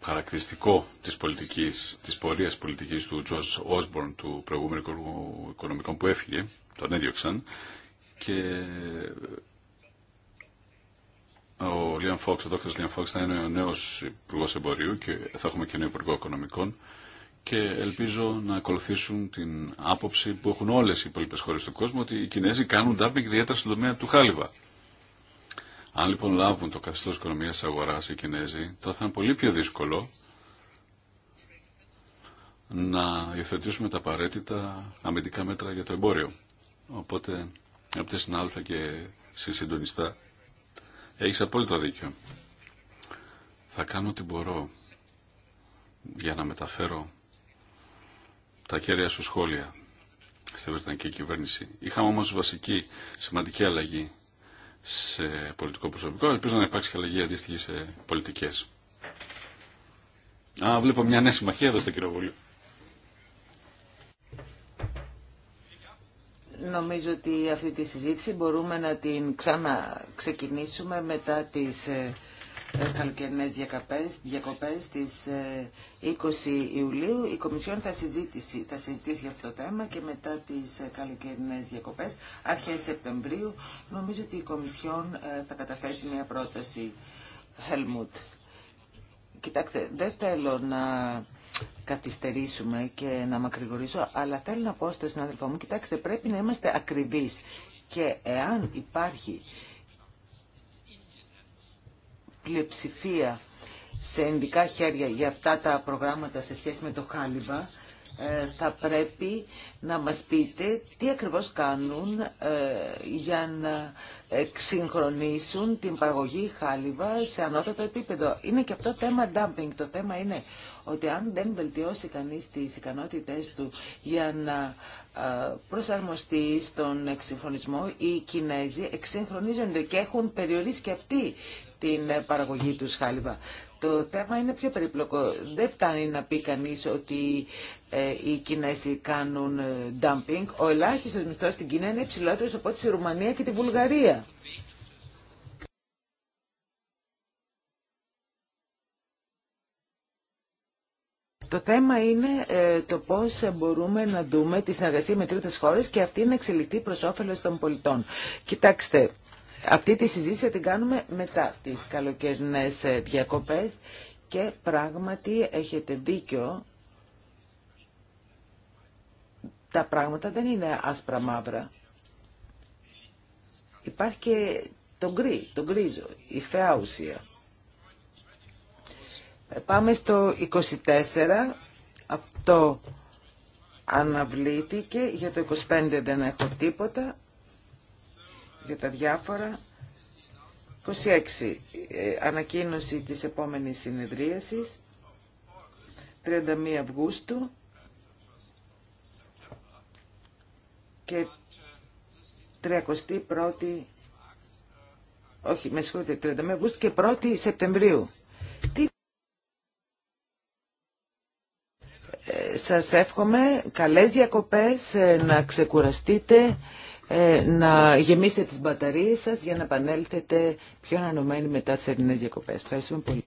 χαρακτηριστικό της πολιτικής, της πορείας πολιτικής του Τζος Όσμπορν, του προηγούμενου Υπουργού Οικονομικών που έφυγε, τον έδιωξαν και ο Λίαν Φόξ, ο Δόκτωρ Λίαν Φόξ θα είναι ο νέος Υπουργός Εμπορίου και θα έχουμε και νέο Υπουργό Οικονομικών και ελπίζω να ακολουθήσουν την άποψη που έχουν όλες οι υπόλοιπες χώρες του κόσμου ότι οι Κινέζοι κάνουν ντάμπιγκ ιδιαίτερα στην τομέα του χάλιβα. Αν λοιπόν λάβουν το καθεστώς οικονομίας αγοράς οι Κινέζοι, τότε θα είναι πολύ πιο δύσκολο να υιοθετήσουμε τα απαραίτητα αμυντικά μέτρα για το εμπόριο. Οπότε, από τη συνάλφα και σε συντονιστά, έχεις απόλυτο δίκιο. Θα κάνω ό,τι μπορώ για να μεταφέρω τα κέρια σου σχόλια στη Βρετανική κυβέρνηση. Είχαμε όμως βασική σημαντική αλλαγή σε πολιτικό προσωπικό. Ελπίζω να υπάρξει αλλαγή αντίστοιχη σε πολιτικές. Α, βλέπω μια νέα συμμαχία εδώ στο Βούλιο. Νομίζω ότι αυτή τη συζήτηση μπορούμε να την ξαναξεκινήσουμε μετά τις ε, καλοκαιρινές διακοπές, διακοπές στις 20 Ιουλίου. Η Κομισιόν θα, θα συζητήσει για αυτό το θέμα και μετά τις ε, καλοκαιρινές διακοπές, αρχές Σεπτεμβρίου, νομίζω ότι η Κομισιόν ε, θα καταθέσει μια πρόταση. Helmut. Κοιτάξτε, δεν θέλω να καθυστερήσουμε και να μακρηγορήσω, αλλά θέλω να πω στον συνάδελφό μου, κοιτάξτε, πρέπει να είμαστε ακριβείς. Και εάν υπάρχει πλειοψηφία σε ενδικά χέρια για αυτά τα προγράμματα σε σχέση με το Χάλιβα, ε, θα πρέπει να μας πείτε τι ακριβώς κάνουν ε, για να εξυγχρονίσουν την παραγωγή χάλιβα σε ανώτατο επίπεδο. Είναι και αυτό θέμα dumping. Το θέμα είναι ότι αν δεν βελτιώσει κανείς τις ικανότητές του για να ε, προσαρμοστεί στον εξυγχρονισμό, οι Κινέζοι εξυγχρονίζονται και έχουν περιορίσει και αυτοί την παραγωγή του χάλιβα. Το θέμα είναι πιο περίπλοκο. Δεν φτάνει να πει κανείς ότι ε, οι Κινέζοι κάνουν ε, dumping. Ο ελάχιστο μισθό στην Κίνα είναι υψηλότερο από ό,τι στη Ρουμανία και τη Βουλγαρία. Το θέμα είναι ε, το πώς μπορούμε να δούμε τη συνεργασία με τρίτες χώρες και αυτή να εξελιχθεί προ όφελο των πολιτών. Κοιτάξτε, αυτή τη συζήτηση την κάνουμε μετά τις καλοκαιρινές ε, διακοπές και πράγματι έχετε δίκιο. Τα πράγματα δεν είναι άσπρα μαύρα. Υπάρχει και το γκρι, το γκρίζο, η φαιά ουσία. Πάμε στο 24. Αυτό αναβλήθηκε. Για το 25 δεν έχω τίποτα για τα διάφορα. 26. Ε, ανακοίνωση της επόμενης συνεδρίασης. 31 Αυγούστου. Και 31η... Όχι, με συγχωρείτε, 31 η οχι με 31 αυγουστου και 1η Σεπτεμβρίου. Τι... Ε, σας εύχομαι καλές διακοπές, ε, να ξεκουραστείτε. Ε, να γεμίσετε τις μπαταρίες σας για να επανέλθετε πιο ανανομένοι μετά τις ελληνές διακοπές. Ευχαριστούμε πολύ.